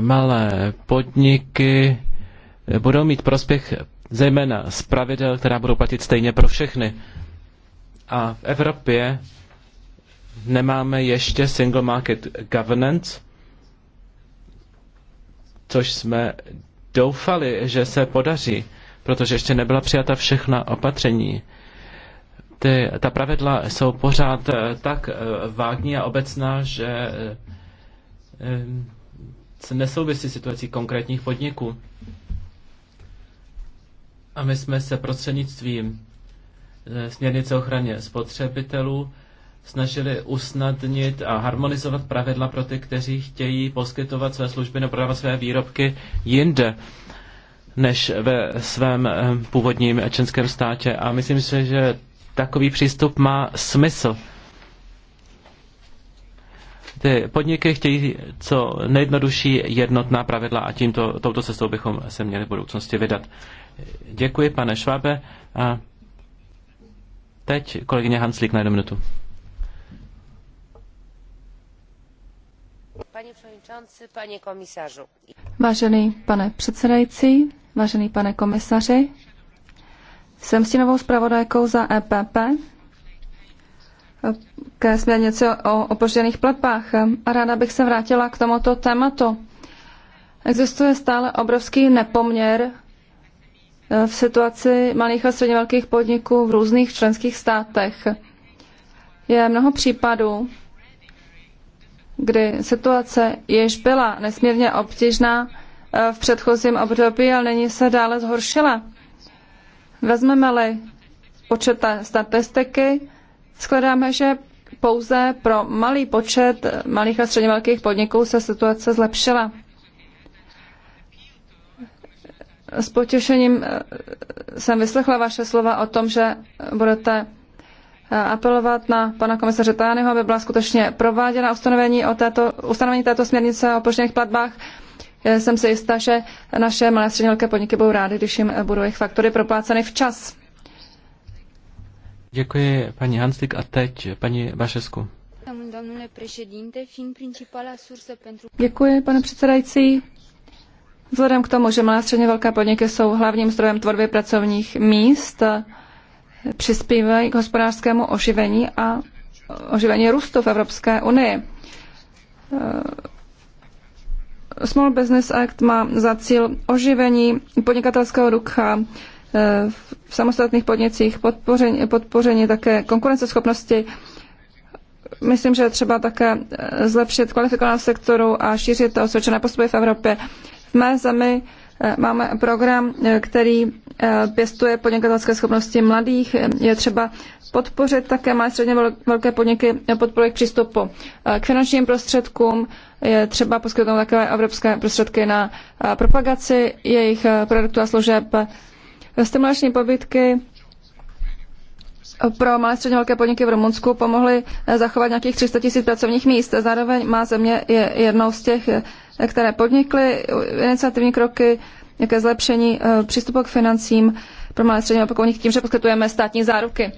malé podniky budou mít prospěch zejména z pravidel, která budou platit stejně pro všechny. A v Evropě nemáme ještě single market governance, což jsme doufali, že se podaří, protože ještě nebyla přijata všechna opatření. Ty, ta pravidla jsou pořád eh, tak eh, vágní a obecná, že eh, se nesouvisí situací konkrétních podniků. A my jsme se prostřednictvím eh, směrnice ochraně spotřebitelů snažili usnadnit a harmonizovat pravidla pro ty, kteří chtějí poskytovat své služby nebo prodávat své výrobky jinde než ve svém eh, původním českém státě. A myslím si, že takový přístup má smysl. Ty podniky chtějí co nejjednodušší jednotná pravidla a tímto, touto cestou bychom se měli v budoucnosti vydat. Děkuji, pane Švábe. A teď kolegyně Hanslík na jednu minutu. Vážený pane předsedající, vážený pane komisaři, jsem stínovou zpravodajkou za EPP ke směrnici o opožděných platbách a ráda bych se vrátila k tomuto tématu. Existuje stále obrovský nepoměr v situaci malých a středně velkých podniků v různých členských státech. Je mnoho případů, kdy situace jež byla nesmírně obtížná eh, v předchozím období, ale není se dále zhoršila. Vezmeme-li počet statistiky, skladáme, že pouze pro malý počet malých a středně velkých podniků se situace zlepšila. S potěšením eh, jsem vyslechla vaše slova o tom, že budete eh, apelovat na pana komisaře Tajaného, aby byla skutečně prováděna ustanovení, o této, ustanovení této směrnice o požděných platbách. Eh, jsem si jistá, že naše malé střední velké podniky budou rády, když jim budou jejich faktory propláceny včas. Děkuji paní Hanslik a teď paní Bašesku. Děkuji, pane předsedající. Vzhledem k tomu, že malé středně velké podniky jsou hlavním zdrojem tvorby pracovních míst, přispívají k hospodářskému oživení a oživení růstu v Evropské unii. Small Business Act má za cíl oživení podnikatelského ducha v samostatných podnicích, podpoření, podpoření také konkurenceschopnosti. Myslím, že třeba také zlepšit kvalifikovanost sektoru a šířit osvědčené postupy v Evropě. V mé zemi eh, máme program, eh, který eh, pěstuje podnikatelské schopnosti mladých. Je třeba podpořit také má středně velké podniky podporovat k přístupu k finančním prostředkům. Je třeba poskytnout takové evropské prostředky na propagaci jejich produktů a služeb. Stimulační pobytky pro malé středně velké podniky v Rumunsku pomohly zachovat nějakých 300 tisíc pracovních míst. Zároveň má země je jednou z těch které podnikly iniciativní kroky ke zlepšení eh, přístupu k financím pro malé střední opakovník tím, že poskytujeme státní záruky.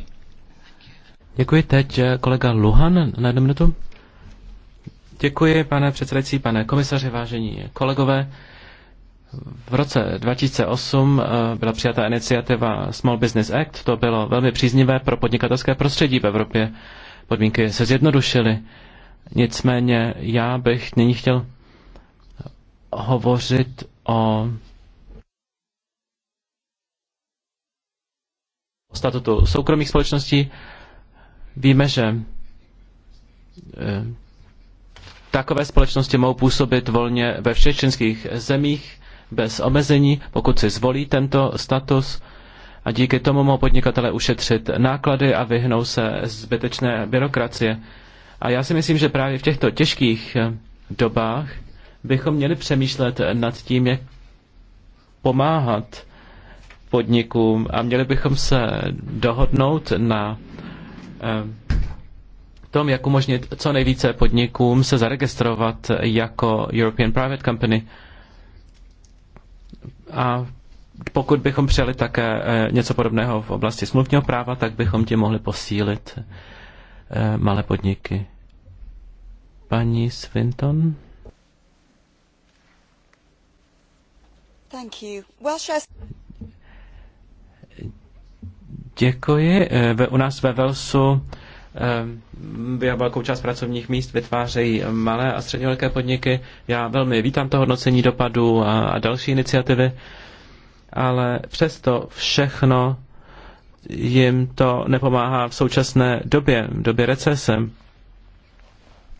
Děkuji. Teď eh, kolega Luhan na jednu minutu. Děkuji, pane předsedající, pane komisaři, vážení kolegové. V roce 2008 eh, byla přijata iniciativa Small Business Act. To bylo velmi příznivé pro podnikatelské prostředí v Evropě. Podmínky se zjednodušily. Nicméně já bych nyní chtěl hovořit o statutu soukromých společností. Víme, že eh, takové společnosti mohou působit volně ve všech členských zemích bez omezení, pokud si zvolí tento status a díky tomu mohou podnikatele ušetřit náklady a vyhnou se zbytečné byrokracie. A já si myslím, že právě v těchto těžkých eh, dobách bychom měli přemýšlet nad tím, jak pomáhat podnikům a měli bychom se dohodnout na eh, tom, jak umožnit co nejvíce podnikům se zaregistrovat jako European Private Company. A pokud bychom přijali také eh, něco podobného v oblasti smluvního práva, tak bychom ti mohli posílit eh, malé podniky. Paní Swinton? Thank you. Welsh... Děkuji. Eh, u nás ve Velsu eh, já velkou část pracovních míst vytvářejí malé a středně velké podniky. Já velmi vítám to hodnocení dopadů a, a další iniciativy, ale přesto všechno jim to nepomáhá v současné době, v době recese.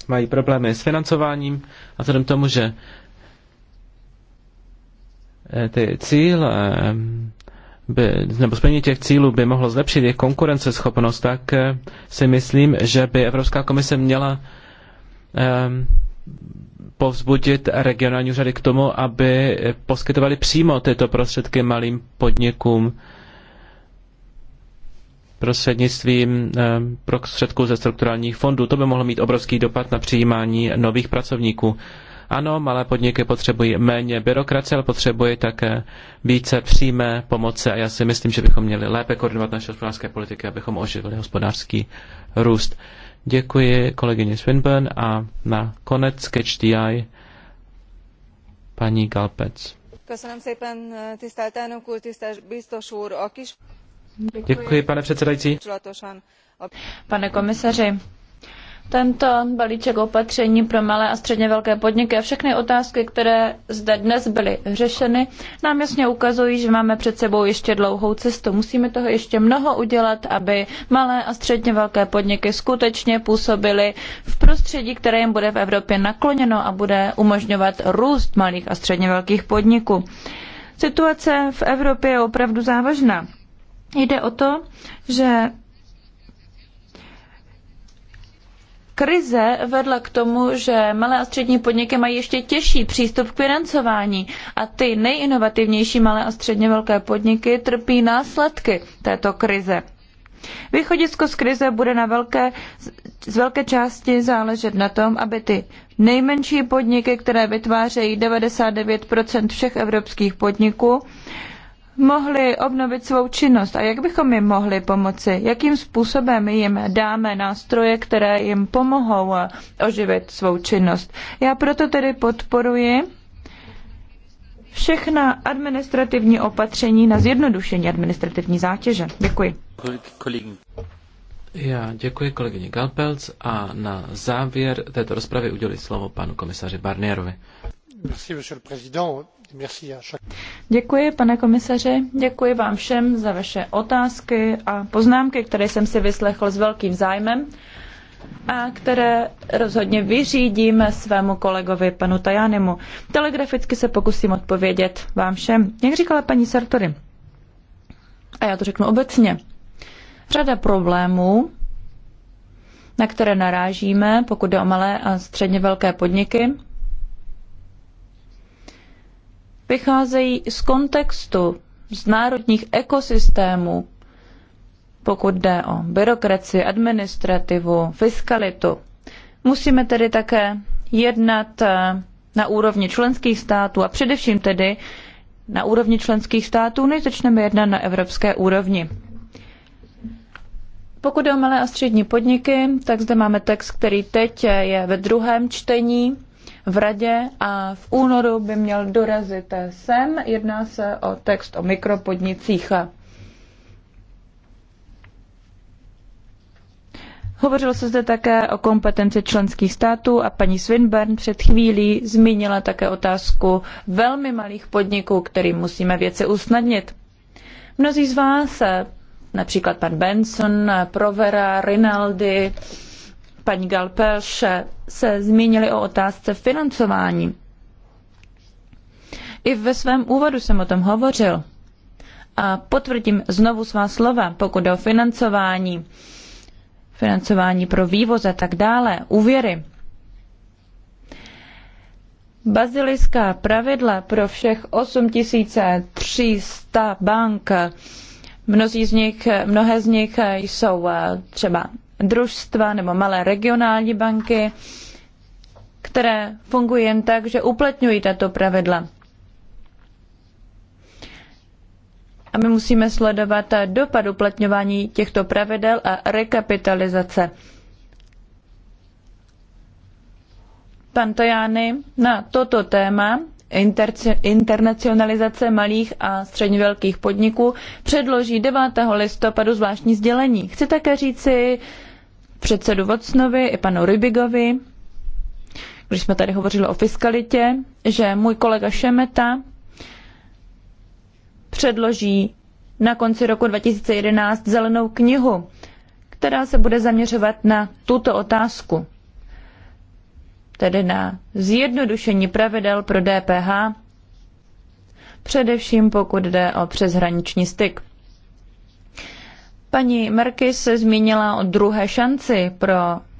Mají problémy s financováním a vzhledem tomu, že Eh, ty cíle eh, by, nebo splnění těch cílů by mohlo zlepšit jejich konkurenceschopnost, tak eh, si myslím, že by Evropská komise měla um, povzbudit regionální úřady k tomu, aby poskytovali přímo tyto prostředky malým podnikům prostřednictvím ehm, prostředků ze strukturálních fondů. To by mohlo mít obrovský dopad na přijímání nových pracovníků. Ano, malé podniky potřebují méně byrokracie, ale potřebují také více přímé pomoci a já si myslím, že bychom měli lépe koordinovat naše hospodářské politiky, abychom oživili hospodářský růst. Děkuji kolegyni Swinburne a na konec Sketch paní Galpec. Děkuji, pane předsedající. Pane komisaři, tento balíček opatření pro malé a středně velké podniky a všechny otázky, které zde dnes byly řešeny, nám jasně ukazují, že máme před sebou ještě dlouhou cestu. Musíme toho ještě mnoho udělat, aby malé a středně velké podniky skutečně působily v prostředí, které jim bude v Evropě nakloněno a bude umožňovat růst malých a středně velkých podniků. Situace v Evropě je opravdu závažná. Jde o to, že Krize vedla k tomu, že malé a střední podniky mají ještě těžší přístup k financování a ty nejinovativnější malé a středně velké podniky trpí následky této krize. Východisko z krize bude na velké, z velké části záležet na tom, aby ty nejmenší podniky, které vytvářejí 99 všech evropských podniků, mohli obnovit svou činnost a jak bychom jim mohli pomoci, jakým způsobem jim dáme nástroje, které jim pomohou eh, oživit svou činnost. Já proto tedy podporuji všechna administrativní opatření na zjednodušení administrativní zátěže. Děkuji. Já děkuji kolegyni Galpelc a na závěr této rozpravy udělí slovo panu komisaři Barnierovi. Děkuji, pane komisaři, děkuji vám všem za vaše otázky a poznámky, které jsem si vyslechl s velkým zájmem a které rozhodně vyřídím svému kolegovi panu Tajanimu. Telegraficky se pokusím odpovědět vám všem. Jak říkala paní Sartori, a já to řeknu obecně, řada problémů, na které narážíme, pokud jde o malé a středně velké podniky, vycházejí z kontextu, z národních ekosystémů, pokud jde o byrokracii, administrativu, fiskalitu. Musíme tedy také jednat eh, na úrovni členských států a především tedy na úrovni členských států, než no začneme jednat na evropské úrovni. Pokud jde o malé a střední podniky, tak zde máme text, který teď eh, je ve druhém čtení v radě a v únoru by měl dorazit sem. Jedná se o text o mikropodnicích. Hovořilo se zde také o kompetenci členských států a paní Swinburn před chvílí zmínila také otázku velmi malých podniků, kterým musíme věci usnadnit. Mnozí z vás, například pan Benson, Provera, Rinaldi, paní Galpelše se zmínili o otázce financování. I ve svém úvodu jsem o tom hovořil. A potvrdím znovu svá slova, pokud jde o financování, financování pro vývoz a tak dále, úvěry. Bazilická pravidla pro všech 8300 bank, mnozí z nich, mnohé z nich jsou eh, třeba družstva nebo malé regionální banky, které fungují jen tak, že uplatňují tato pravidla. A my musíme sledovat dopad uplatňování těchto pravidel a rekapitalizace. Pan Tajány na toto téma internacionalizace malých a středně velkých podniků předloží 9. listopadu zvláštní sdělení. Chci také říci, předsedu Vocnovi i panu Rybigovi, když jsme tady hovořili o fiskalitě, že můj kolega Šemeta předloží na konci roku 2011 zelenou knihu, která se bude zaměřovat na tuto otázku, tedy na zjednodušení pravidel pro DPH, především pokud jde o přeshraniční styk. Paní Merky se zmínila o druhé šanci pro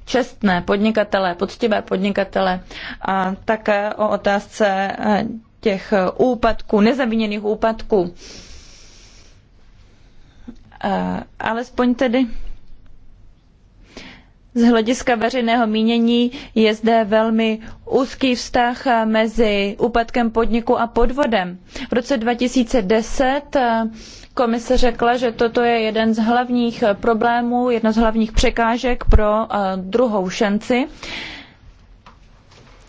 čestné podnikatele, poctivé podnikatele a také o otázce eh, těch úpadků, nezaviněných úpadků. Eh, alespoň tedy z hlediska veřejného mínění je zde velmi úzký vztah mezi úpadkem podniku a podvodem. V roce 2010 eh, komise řekla, že toto je jeden z hlavních problémů, jedna z hlavních překážek pro eh, druhou šanci.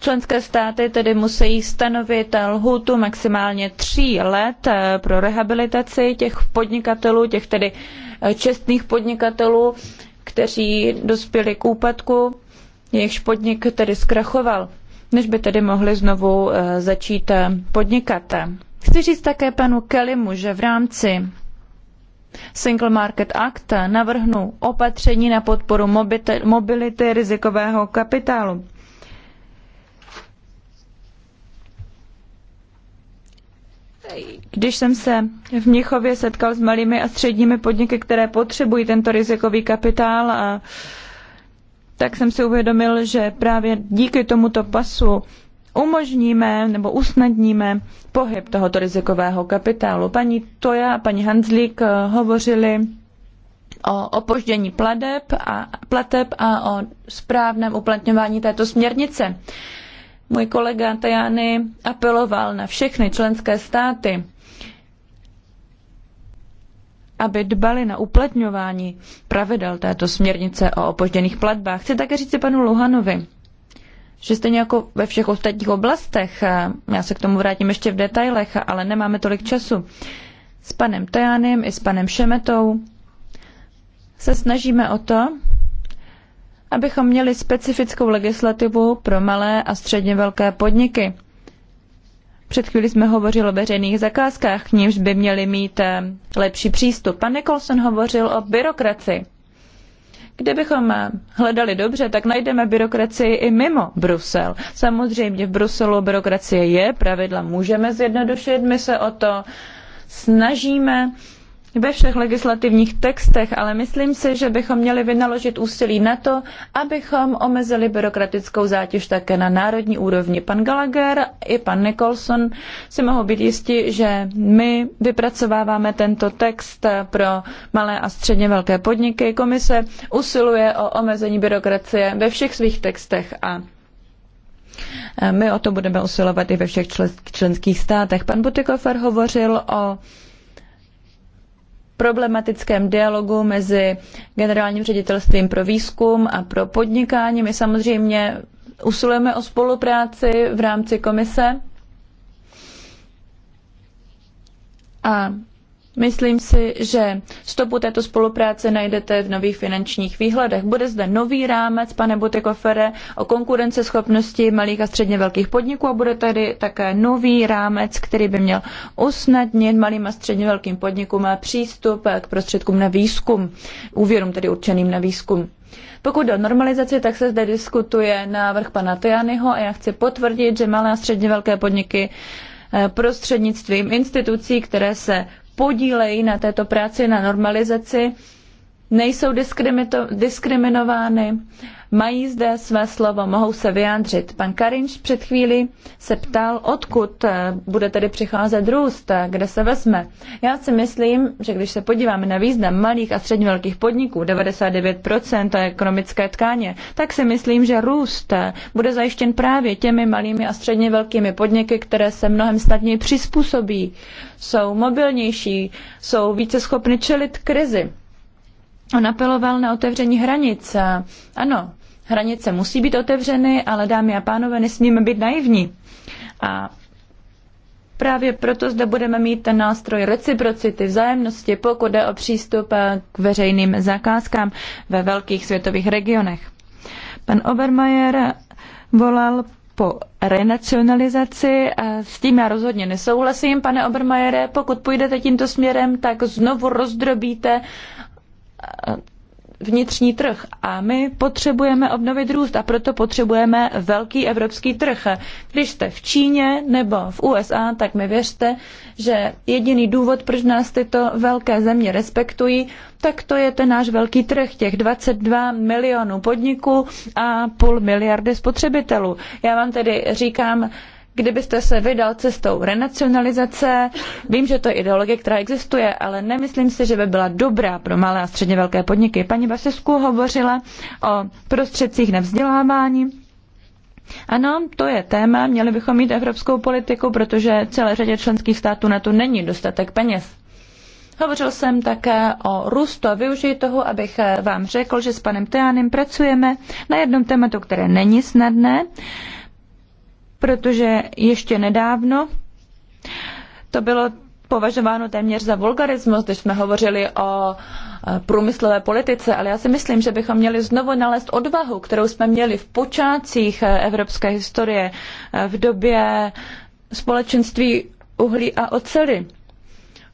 Členské státy tedy musí stanovit eh, lhůtu maximálně tří let pro rehabilitaci těch podnikatelů, těch tedy čestných podnikatelů, kteří dospěli k úpadku, jejichž podnik tedy zkrachoval, než by tedy mohli znovu eh, začít eh, podnikat. Chci říct také panu Kellymu, že v rámci Single Market Act navrhnu opatření na podporu mobility rizikového kapitálu. Když jsem se v Mnichově setkal s malými a středními podniky, které potřebují tento rizikový kapitál, a tak jsem si uvědomil, že právě díky tomuto pasu umožníme nebo usnadníme pohyb tohoto rizikového kapitálu. Paní Toja a paní Hanzlík eh, hovořili o opoždění plateb a, plateb a o správném uplatňování této směrnice. Můj kolega Tajany apeloval na všechny členské státy, aby dbali na uplatňování pravidel této směrnice o opožděných platbách. Chci také si panu Luhanovi, že stejně jako ve všech ostatních oblastech, a já se k tomu vrátím ještě v detailech, ale nemáme tolik času, s panem Tajanem i s panem Šemetou se snažíme o to, abychom měli specifickou legislativu pro malé a středně velké podniky. Před chvíli jsme hovořili o veřejných zakázkách, k nímž by měli mít eh, lepší přístup. Pan Nicholson hovořil o byrokraci. Kdybychom eh, hledali dobře, tak najdeme byrokracii i mimo Brusel. Samozřejmě v Bruselu byrokracie je, pravidla můžeme zjednodušit, my se o to snažíme ve všech legislativních textech, ale myslím si, že bychom měli vynaložit úsilí na to, abychom omezili byrokratickou zátěž také na národní úrovni. Pan Gallagher i pan Nicholson si mohou být jistí, že my vypracováváme tento text pro malé a středně velké podniky. Komise usiluje o omezení byrokracie ve všech svých textech a my o to budeme usilovat i ve všech členských státech. Pan Butikofer hovořil o problematickém dialogu mezi generálním ředitelstvím pro výzkum a pro podnikání. My samozřejmě usilujeme o spolupráci v rámci komise. A Myslím si, že stopu této spolupráce najdete v nových finančních výhledech. Bude zde nový rámec, pane Butikofere, o konkurenceschopnosti malých a středně velkých podniků a bude tady také nový rámec, který by měl usnadnit malým a středně velkým podnikům přístup k prostředkům na výzkum, úvěrům tedy určeným na výzkum. Pokud jde o normalizaci, tak se zde diskutuje návrh pana Tajaniho a já chci potvrdit, že malé a středně velké podniky eh, prostřednictvím institucí, které se podílejí na této práci, na normalizaci nejsou diskriminovány, mají zde své slovo, mohou se vyjádřit. Pan Karinč před chvílí se ptal, odkud eh, bude tedy přicházet růst, eh, kde se vezme. Já si myslím, že když se podíváme na význam malých a středně velkých podniků, 99% ekonomické tkáně, tak si myslím, že růst eh, bude zajištěn právě těmi malými a středně velkými podniky, které se mnohem snadněji přizpůsobí, jsou mobilnější, jsou více schopny čelit krizi. On apeloval na otevření hranic. Ano, hranice musí být otevřeny, ale dámy a pánové, nesmíme být naivní. A Právě proto zde budeme mít ten nástroj reciprocity, vzájemnosti, pokud jde o přístup eh, k veřejným zakázkám ve velkých světových regionech. Pan Obermayer volal po renacionalizaci. A s tím já rozhodně nesouhlasím, pane Obermajere. Pokud půjdete tímto směrem, tak znovu rozdrobíte Eh, vnitřní trh a my potřebujeme obnovit růst a proto potřebujeme velký evropský trh. Když jste v Číně nebo v USA, tak mi věřte, že jediný důvod, proč nás tyto velké země respektují, tak to je ten náš velký trh, těch 22 milionů podniků a půl miliardy spotřebitelů. Já vám tedy říkám, kdybyste se vydal cestou renacionalizace. Vím, že to je ideologie, která existuje, ale nemyslím si, že by byla dobrá pro malé a středně velké podniky. Paní Basesku hovořila o prostředcích na vzdělávání. Ano, to je téma. Měli bychom mít evropskou politiku, protože celé řadě členských států na to není dostatek peněz. Hovořil jsem také o růstu a využiji toho, abych vám řekl, že s panem Teánem pracujeme na jednom tématu, které není snadné protože ještě nedávno to bylo považováno téměř za vulgarismus, když jsme hovořili o e, průmyslové politice, ale já si myslím, že bychom měli znovu nalézt odvahu, kterou jsme měli v počátcích e, evropské historie, e, v době společenství uhlí a ocely.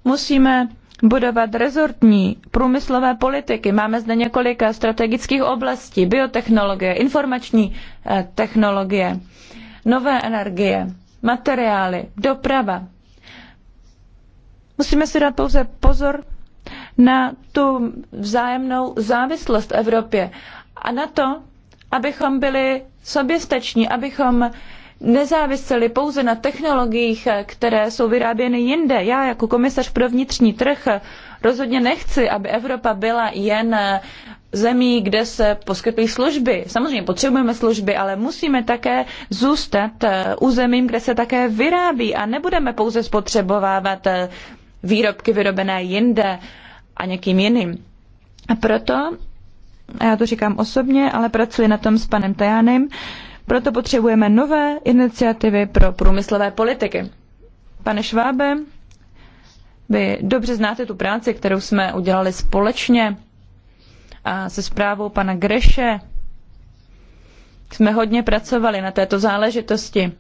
Musíme budovat rezortní průmyslové politiky. Máme zde několik strategických oblastí, biotechnologie, informační technologie nové energie, materiály, doprava. Musíme si dát pouze pozor na tu vzájemnou závislost v Evropě a na to, abychom byli soběstační, abychom nezáviseli pouze na technologiích, které jsou vyráběny jinde. Já jako komisař pro vnitřní trh rozhodně nechci, aby Evropa byla jen zemí, kde se poskytují služby. Samozřejmě potřebujeme služby, ale musíme také zůstat eh, u zemím, kde se také vyrábí a nebudeme pouze spotřebovávat eh, výrobky vyrobené jinde a někým jiným. A proto, a já to říkám osobně, ale pracuji na tom s panem Tajánem, proto potřebujeme nové iniciativy pro průmyslové politiky. Pane Švábe, vy dobře znáte tu práci, kterou jsme udělali společně a se zprávou pana Greše jsme hodně pracovali na této záležitosti.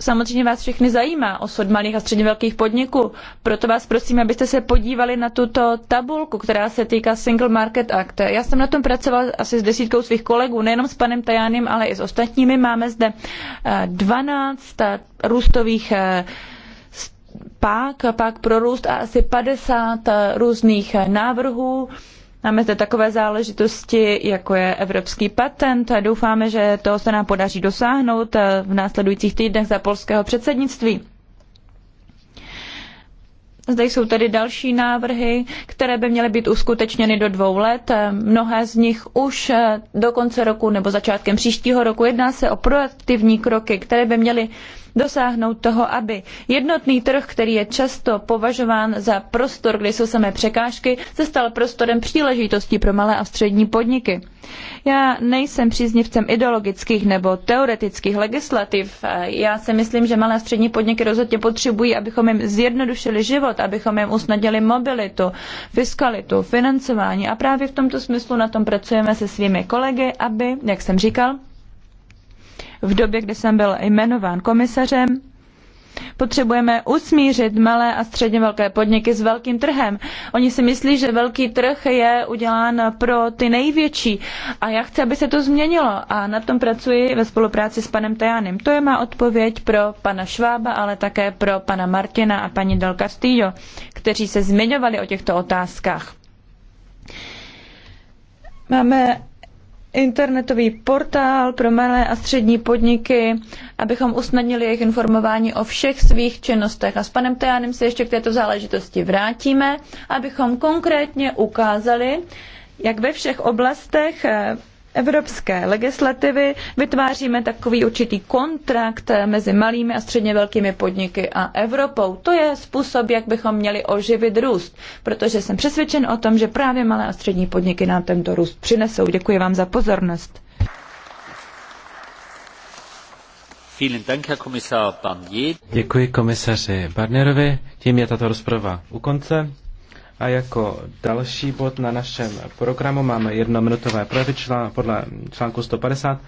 Samozřejmě vás všechny zajímá osud malých a středně velkých podniků, proto vás prosím, abyste se podívali na tuto tabulku, která se týká Single Market Act. Já jsem na tom pracovala asi s desítkou svých kolegů, nejenom s panem Tajánem, ale i s ostatními. Máme zde 12 eh, eh, růstových eh, pak, pak pro růst a asi 50 eh, různých eh, návrhů. Máme zde takové záležitosti, jako je evropský patent. Doufáme, že to se nám podaří dosáhnout eh, v následujících týdnech za polského předsednictví. Zde jsou tedy další návrhy, které by měly být uskutečněny do dvou let. Mnohé z nich už do konce roku nebo začátkem příštího roku. Jedná se o proaktivní kroky, které by měly dosáhnout toho, aby jednotný trh, který je často považován za prostor, kde jsou samé překážky, se stal prostorem příležitostí pro malé a střední podniky. Já nejsem příznivcem ideologických nebo teoretických legislativ. Já si myslím, že malé a střední podniky rozhodně potřebují, abychom jim zjednodušili život, abychom jim usnadnili mobilitu, fiskalitu, financování a právě v tomto smyslu na tom pracujeme se svými kolegy, aby, jak jsem říkal, v době, kdy jsem byl jmenován komisařem. Potřebujeme usmířit malé a středně velké podniky s velkým trhem. Oni si myslí, že velký trh je udělán pro ty největší a já chci, aby se to změnilo a na tom pracuji ve spolupráci s panem Tajánem. To je má odpověď pro pana Švába, ale také pro pana Martina a paní Del Castillo, kteří se zmiňovali o těchto otázkách. Máme internetový portál pro malé a střední podniky, abychom usnadnili jejich informování o všech svých činnostech. A s panem Tejánem se ještě k této záležitosti vrátíme, abychom konkrétně ukázali, jak ve všech oblastech evropské legislativy vytváříme takový určitý kontrakt mezi malými a středně velkými podniky a Evropou. To je způsob, jak bychom měli oživit růst, protože jsem přesvědčen o tom, že právě malé a střední podniky nám tento růst přinesou. Děkuji vám za pozornost. Děkuji komisaři Barnerovi. Tím je tato rozprava u konce. A jako další bod na našem programu máme jednominutové projevy podle článku 150